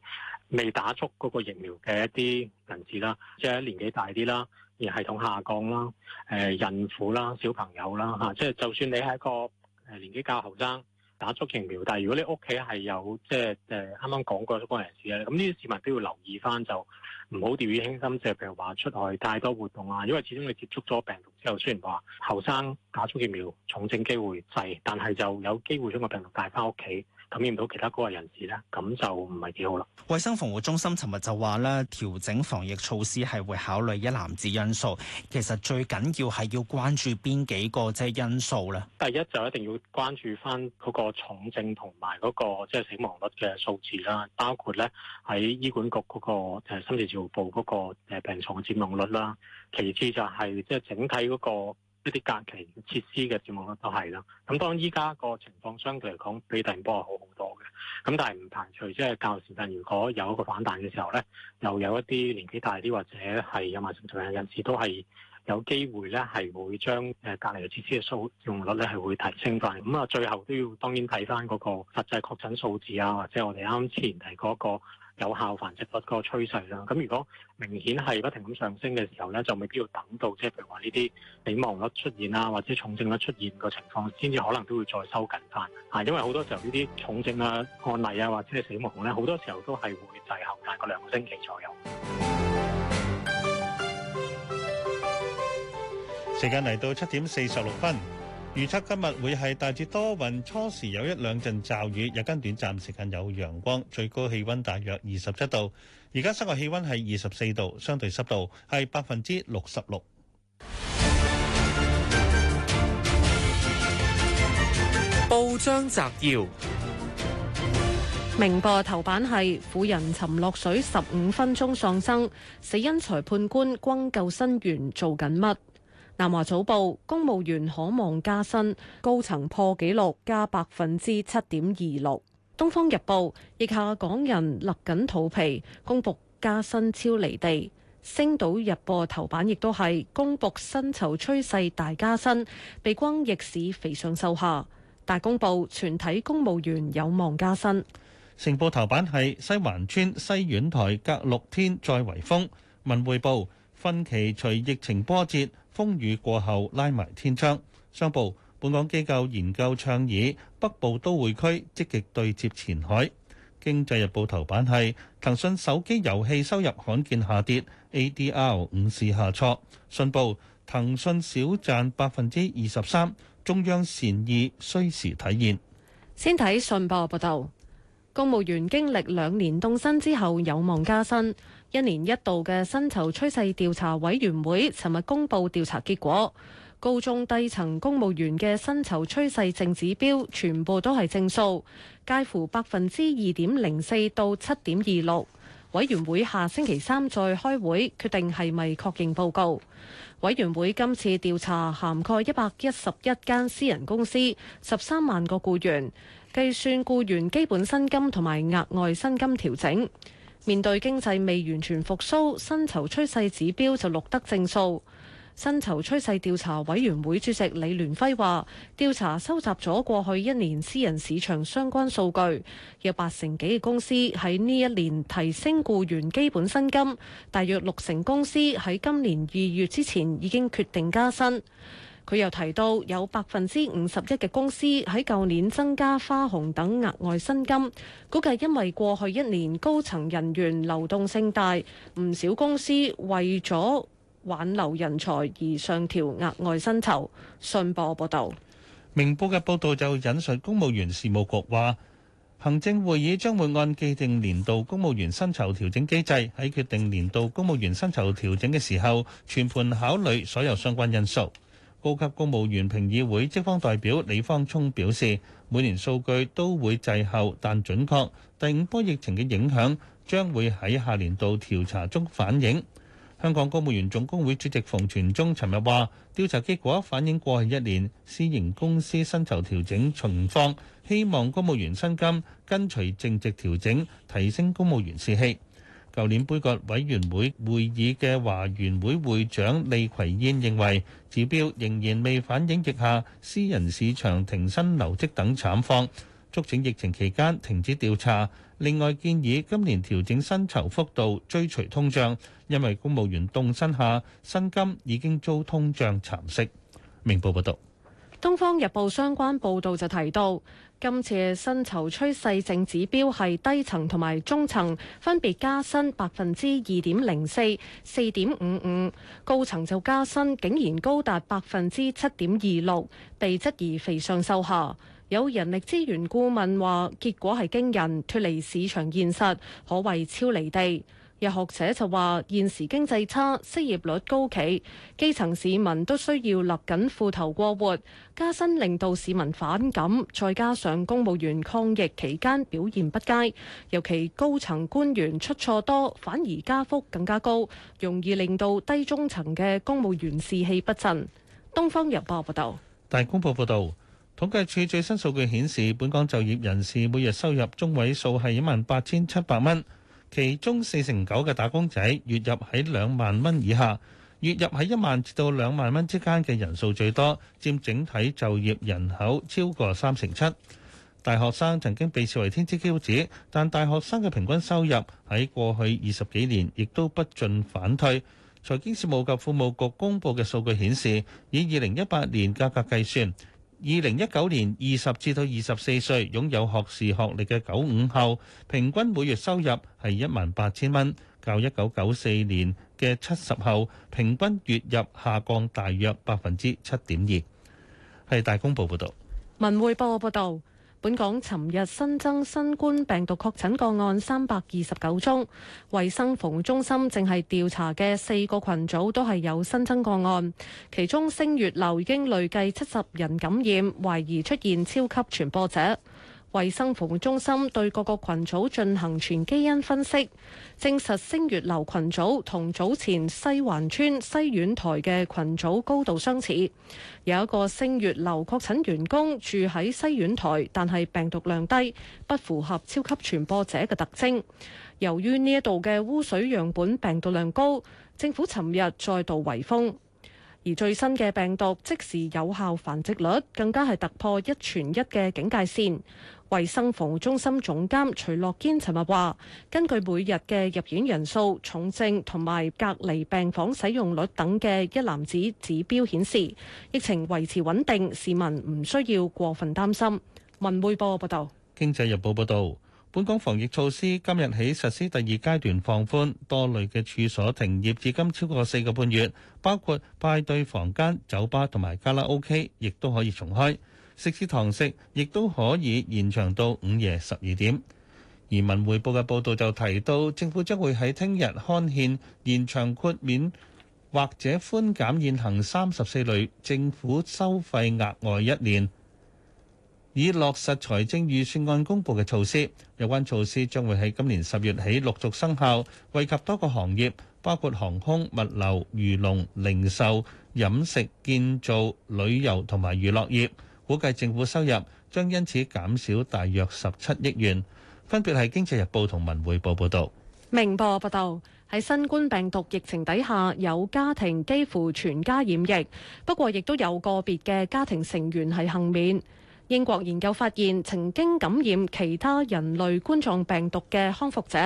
未打足嗰個疫苗嘅一啲人士啦，即係年紀大啲啦，而系統下降啦，誒、呃、孕婦啦、小朋友啦嚇，嗯、即係就算你係一個誒年紀較後生打足疫苗，但係如果你屋企係有即係誒啱啱講過相關人士嘅，咁呢啲市民都要留意翻就。唔好掉以輕心，即係譬如話出外太多活動啊，因為始終你接觸咗病毒之後，雖然話後生打咗疫苗，重症機會細，但係就有機會將個病毒帶翻屋企。感染到其他嗰位人士咧，咁就唔係幾好啦。衛生防護中心尋日就話咧，調整防疫措施係會考慮一攬子因素。其實最緊要係要關注邊幾個即係因素咧？第一就一定要關注翻嗰個重症同埋嗰個即係死亡率嘅數字啦，包括咧喺醫管局嗰個誒深切治療部嗰個誒病牀佔用率啦。其次就係即係整體嗰個。一啲隔離設施嘅，節目都係啦。咁當依家個情況相對嚟講比第二波係好好多嘅。咁但係唔排除，即係較時，但如果有一個反彈嘅時候咧，又有一啲年紀大啲或者係有慢性疾病人士，都係有機會咧，係會將誒隔離嘅設施嘅使用率咧係會提升翻。咁啊，最後都要當然睇翻嗰個實際確診數字啊，或者我哋啱前提嗰、嗰個。有效繁殖率個趨勢啦，咁如果明顯係不停咁上升嘅時候咧，就未必要等到即係譬如話呢啲死亡率出現啊，或者重症率出現個情況，先至可能都會再收緊返吓。因為好多時候呢啲重症啊案例啊或者死亡咧，好多時候都係會滯後大概兩個星期左右。時間嚟到七點四十六分。預測今日會係大致多雲，初時有一兩陣驟雨，日間短暫時間有陽光，最高氣温大約二十七度。而家室外氣温係二十四度，相對濕度係百分之六十六。報章摘要：明報頭版係婦人沉落水十五分鐘喪生，死因裁判官光救生員做緊乜？南華早報，公務員可望加薪，高層破紀錄加百分之七點二六。東方日報，以下港人勒緊肚皮，公僕加薪超離地。星島日報頭版亦都係公僕薪酬趨勢大加薪，被轟逆市肥上瘦下。大公報全體公務員有望加薪。成報頭版係西環村西苑臺隔六天再圍封。文匯報分期隨疫情波折。風雨過後拉埋天窗，商報本港機構研究倡議北部都會區積極對接前海。經濟日報頭版係騰訊手機遊戲收入罕見下跌，ADR 五市下挫。信報騰訊少賺百分之二十三，中央善意需時體現。先睇信報報道，公務員經歷兩年凍薪之後有望加薪。一年一度嘅薪酬趨勢調查委員會尋日公布調查結果，高中低層公務員嘅薪酬趨勢淨指標全部都係正數，介乎百分之二點零四到七點二六。委員會下星期三再開會決定係咪確認報告。委員會今次調查涵蓋一百一十一間私人公司，十三萬個僱員，計算僱員基本薪金同埋額外薪金調整。面對經濟未完全復甦，薪酬趨勢指標就錄得正數。薪酬趨勢調查委員會主席李聯輝話，調查收集咗過去一年私人市場相關數據，有八成幾嘅公司喺呢一年提升僱員基本薪金，大約六成公司喺今年二月之前已經決定加薪。佢又提到，有百分之五十一嘅公司喺舊年增加花紅等額外薪金，估計因為過去一年高層人員流動性大，唔少公司為咗挽留人才而上調額外薪酬。信報報道，明報嘅報道就引述公務員事務局話，行政會議將會按既定年度公務員薪酬調整機制，喺決定年度公務員薪酬調整嘅時候，全盤考慮所有相關因素。高級公務員評議會職方代表李方聰表示，每年數據都會滯後，但準確。第五波疫情嘅影響將會喺下年度調查中反映。香港公務員總工會主席馮傳忠尋日話，調查結果反映過去一年私營公司薪酬調整情況，希望公務員薪金跟隨正值調整，提升公務員士氣。舊年杯葛委員會會議嘅華員會會長李葵燕認為，指標仍然未反映疫下私人市場停薪留職等慘況，促請疫情期間停止調查。另外建議今年調整薪酬幅度，追隨通脹，因為公務員凍薪下薪金已經遭通脹蠶食。明報報道，《東方日報》相關報導就提到。今次嘅薪酬趨勢淨指標係低層同埋中層，分別加薪百分之二點零四、四點五五，高層就加薪竟然高達百分之七點二六，被質疑肥上瘦下。有人力資源顧問話，結果係驚人，脫離市場現實，可謂超離地。有學者就話：現時經濟差，失業率高企，基層市民都需要勒緊褲頭過活，加薪令到市民反感。再加上公務員抗疫期間表現不佳，尤其高層官員出錯多，反而加幅更加高，容易令到低中層嘅公務員士氣不振。東方日報報導，大公報報道，統計處最新數據顯示，本港就業人士每日收入中位數係一萬八千七百蚊。其中四成九嘅打工仔月入喺兩萬蚊以下，月入喺一萬至到兩萬蚊之間嘅人數最多，佔整體就業人口超過三成七。大學生曾經被視為天之驕子，但大學生嘅平均收入喺過去二十幾年亦都不進反退。財經事務及庫務局公布嘅數據顯示，以二零一八年價格計算。二零一九年二十至到二十四歲擁有學士學歷嘅九五後，平均每月收入係一萬八千蚊，較一九九四年嘅七十後平均月入下降大約百分之七點二。係大公報報道。文匯報報道。本港尋日新增新冠病毒確診個案三百二十九宗，衞生服務中心正係調查嘅四個群組都係有新增個案，其中星月樓已經累計七十人感染，懷疑出現超級傳播者。衛生防護中心對各個群組進行全基因分析，證實星月樓群組同早前西環邨西苑台嘅群組高度相似。有一個星月樓確診員工住喺西苑台，但係病毒量低，不符合超級傳播者嘅特徵。由於呢一度嘅污水樣本病毒量高，政府尋日再度圍封。而最新嘅病毒即時有效繁殖率更加係突破一傳一嘅警戒線。衛生防護中心總監徐樂堅尋日話，根據每日嘅入院人數、重症同埋隔離病房使用率等嘅一籃子指標顯示，疫情維持穩定，市民唔需要過分擔心。文匯報報道，《經濟日報》報道，本港防疫措施今日起實施第二階段放寬，多類嘅處所停業至今超過四個半月，包括派對房間、酒吧同埋卡拉 OK，亦都可以重開。食肆堂食亦都可以延長到午夜十二點。而文匯報嘅報導就提到，政府將會喺聽日刊憲延長豁免或者寬減現行三十四類政府收費額外一年，以落實財政預算案公布嘅措施。有關措施將會喺今年十月起陸續生效，惠及多個行業，包括航空、物流、漁農、零售、飲食、建造、旅遊同埋娛樂業。估計政府收入將因此減少大約十七億元，分別係《經濟日報》同《文匯報》報、報道。明報報道，喺新冠病毒疫情底下，有家庭幾乎全家染疫，不過亦都有個別嘅家庭成員係幸免。英國研究發現，曾經感染其他人類冠狀病毒嘅康復者，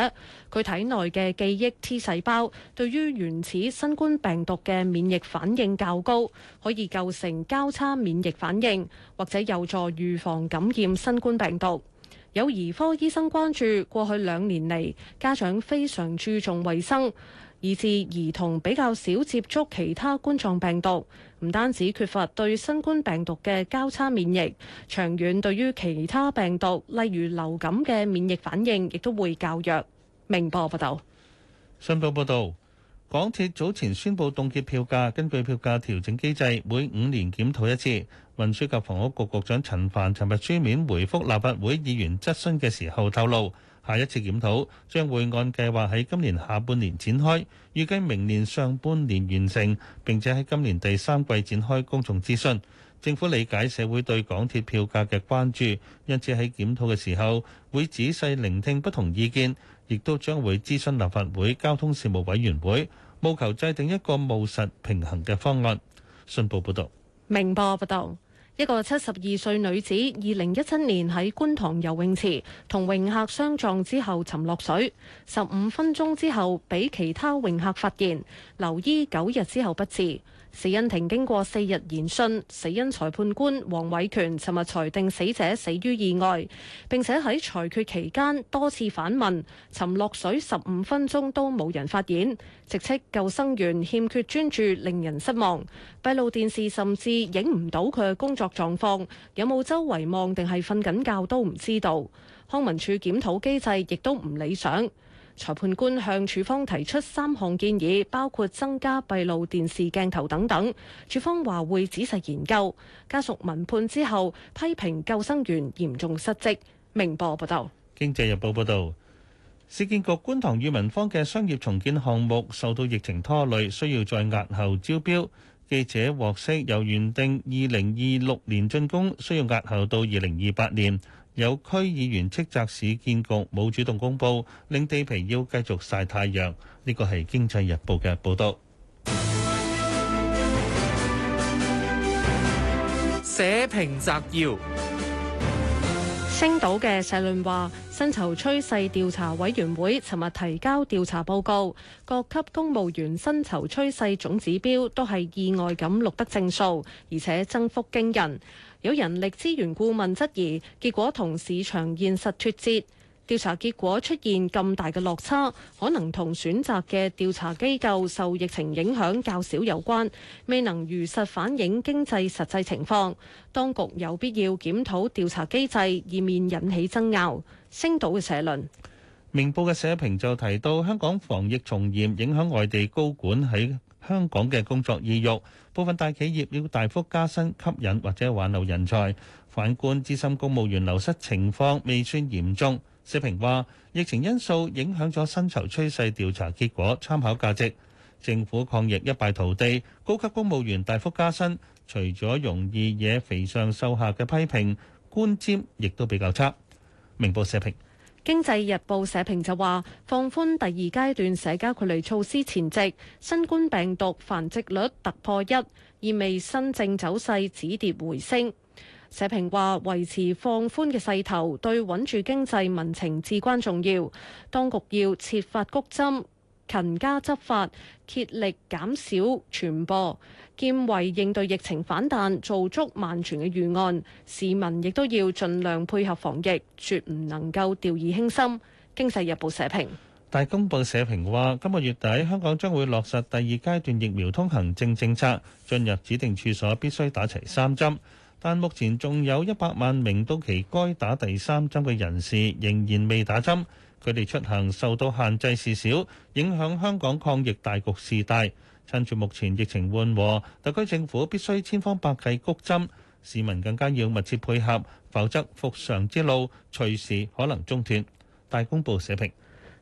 佢體內嘅記憶 T 細胞對於原始新冠病毒嘅免疫反應較高，可以構成交叉免疫反應，或者有助預防感染新冠病毒。有兒科醫生關注，過去兩年嚟，家長非常注重衞生，以致兒童比較少接觸其他冠狀病毒。唔單止缺乏對新冠病毒嘅交叉免疫，長遠對於其他病毒，例如流感嘅免疫反應，亦都會較弱。明報報道。信報報道，港鐵早前宣布凍結票價，根據票價調整機制，每五年檢討一次。運輸及房屋局局局長陳帆尋日書面回覆立法會議員質詢嘅時候透露。下一次檢討將會按計劃喺今年下半年展開，預計明年上半年完成，並且喺今年第三季展開公眾諮詢。政府理解社會對港鐵票價嘅關注，因此喺檢討嘅時候會仔細聆聽不同意見，亦都將會諮詢立法會交通事務委員會，務求制定一個務實平衡嘅方案。信報報道。明報報道。一個七十二歲女子，二零一七年喺觀塘游泳池同泳客相撞之後沉落水，十五分鐘之後俾其他泳客發現，留醫九日之後不治。死因庭經過四日研訊，死因裁判官黃偉權尋日裁定死者死於意外，並且喺裁決期間多次反問，沉落水十五分鐘都冇人發現，直斥救生員欠缺專注令人失望。閉路電視甚至影唔到佢嘅工作狀況，有冇周圍望定係瞓緊覺都唔知道。康文署檢討機制亦都唔理想。裁判官向署方提出三項建議，包括增加閉路電視鏡頭等等。署方話會仔細研究。家屬聞判之後，批評救生員嚴重失職。明報報道，《經濟日報》報道，市建局觀塘裕民坊嘅商業重建項目受到疫情拖累，需要再押後招標。記者獲悉，由原定二零二六年竣工，需要押後到二零二八年。有區議員斥責市建局冇主動公布，令地皮要繼續曬太陽。呢個係《經濟日報》嘅報導。社評摘要。星島嘅社論話：薪酬趨勢調查委員會尋日提交調查報告，各級公務員薪酬趨勢總指標都係意外咁錄得正數，而且增幅驚人。有人力資源顧問質疑結果同市場現實脫節，調查結果出現咁大嘅落差，可能同選擇嘅調查機構受疫情影響較少有關，未能如實反映經濟實際情況。當局有必要檢討調查機制，以免引起爭拗。星島嘅社論。明報嘅社評就提到香港防疫從嚴，影響外地高管喺香港嘅工作意欲。部分大企業要大幅加薪吸引或者挽留人才，反觀資深公務員流失情況未算嚴重。社評話：疫情因素影響咗薪酬趨勢調查結果參考價值。政府抗疫一敗塗地，高級公務員大幅加薪，除咗容易惹肥上瘦下嘅批評，觀瞻亦都比較差。明報社評。經濟日報社評就話：放寬第二階段社交距離措施前夕，新冠病毒繁殖率突破一，意味新政走勢止跌回升。社評話：維持放寬嘅勢頭，對穩住經濟民情至關重要，當局要設法谷針。勤加執法，竭力減少傳播，兼為應對疫情反彈做足萬全嘅預案。市民亦都要盡量配合防疫，絕唔能夠掉以輕心。經濟日報社評。大公報社評話：今個月底香港將會落實第二階段疫苗通行證政策，進入指定處所必須打齊三針。但目前仲有一百萬名到期該打第三針嘅人士仍然未打針。佢哋出行受到限制事小，影響香港抗疫大局事大。趁住目前疫情緩和，特區政府必須千方百計谷針，市民更加要密切配合，否則復常之路隨時可能中斷。大公報社評、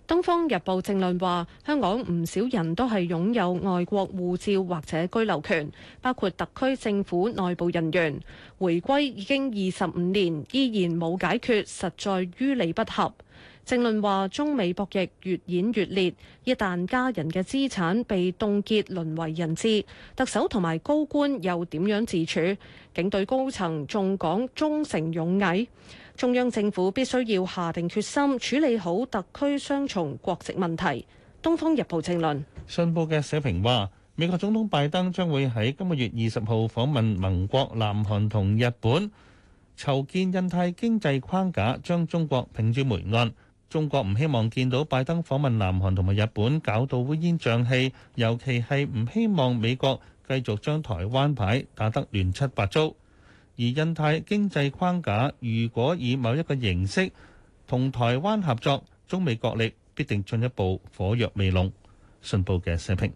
東方日報政論話香港唔少人都係擁有外國護照或者居留權，包括特區政府內部人員。回歸已經二十五年，依然冇解決，實在於理不合。政論話中美博弈越演越烈，一旦家人嘅資產被凍結，淪為人質，特首同埋高官又點樣自處？警隊高層仲講忠誠勇毅，中央政府必須要下定決心處理好特區雙重國籍問題。《東方日報政論》政論信報嘅社評話，美國總統拜登將會喺今個月二十號訪問盟國南韓同日本，籌建印太經濟框架，將中國摒諸門外。中國唔希望見到拜登訪問南韓同埋日本搞到烏煙瘴氣，尤其係唔希望美國繼續將台灣牌打得亂七八糟。而印太經濟框架如果以某一個形式同台灣合作，中美角力必定進一步火藥味濃。信報嘅社評。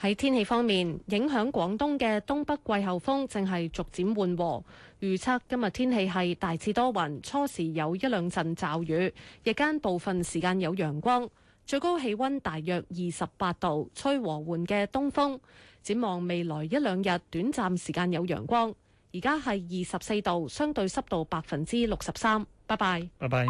喺天氣方面，影響廣東嘅東北季候風正係逐漸緩和。預測今日天氣係大致多雲，初時有一兩陣驟雨，日間部分時間有陽光，最高氣溫大約二十八度，吹和緩嘅東風。展望未來一兩日，短暫時間有陽光。而家係二十四度，相對濕度百分之六十三。拜拜，拜拜。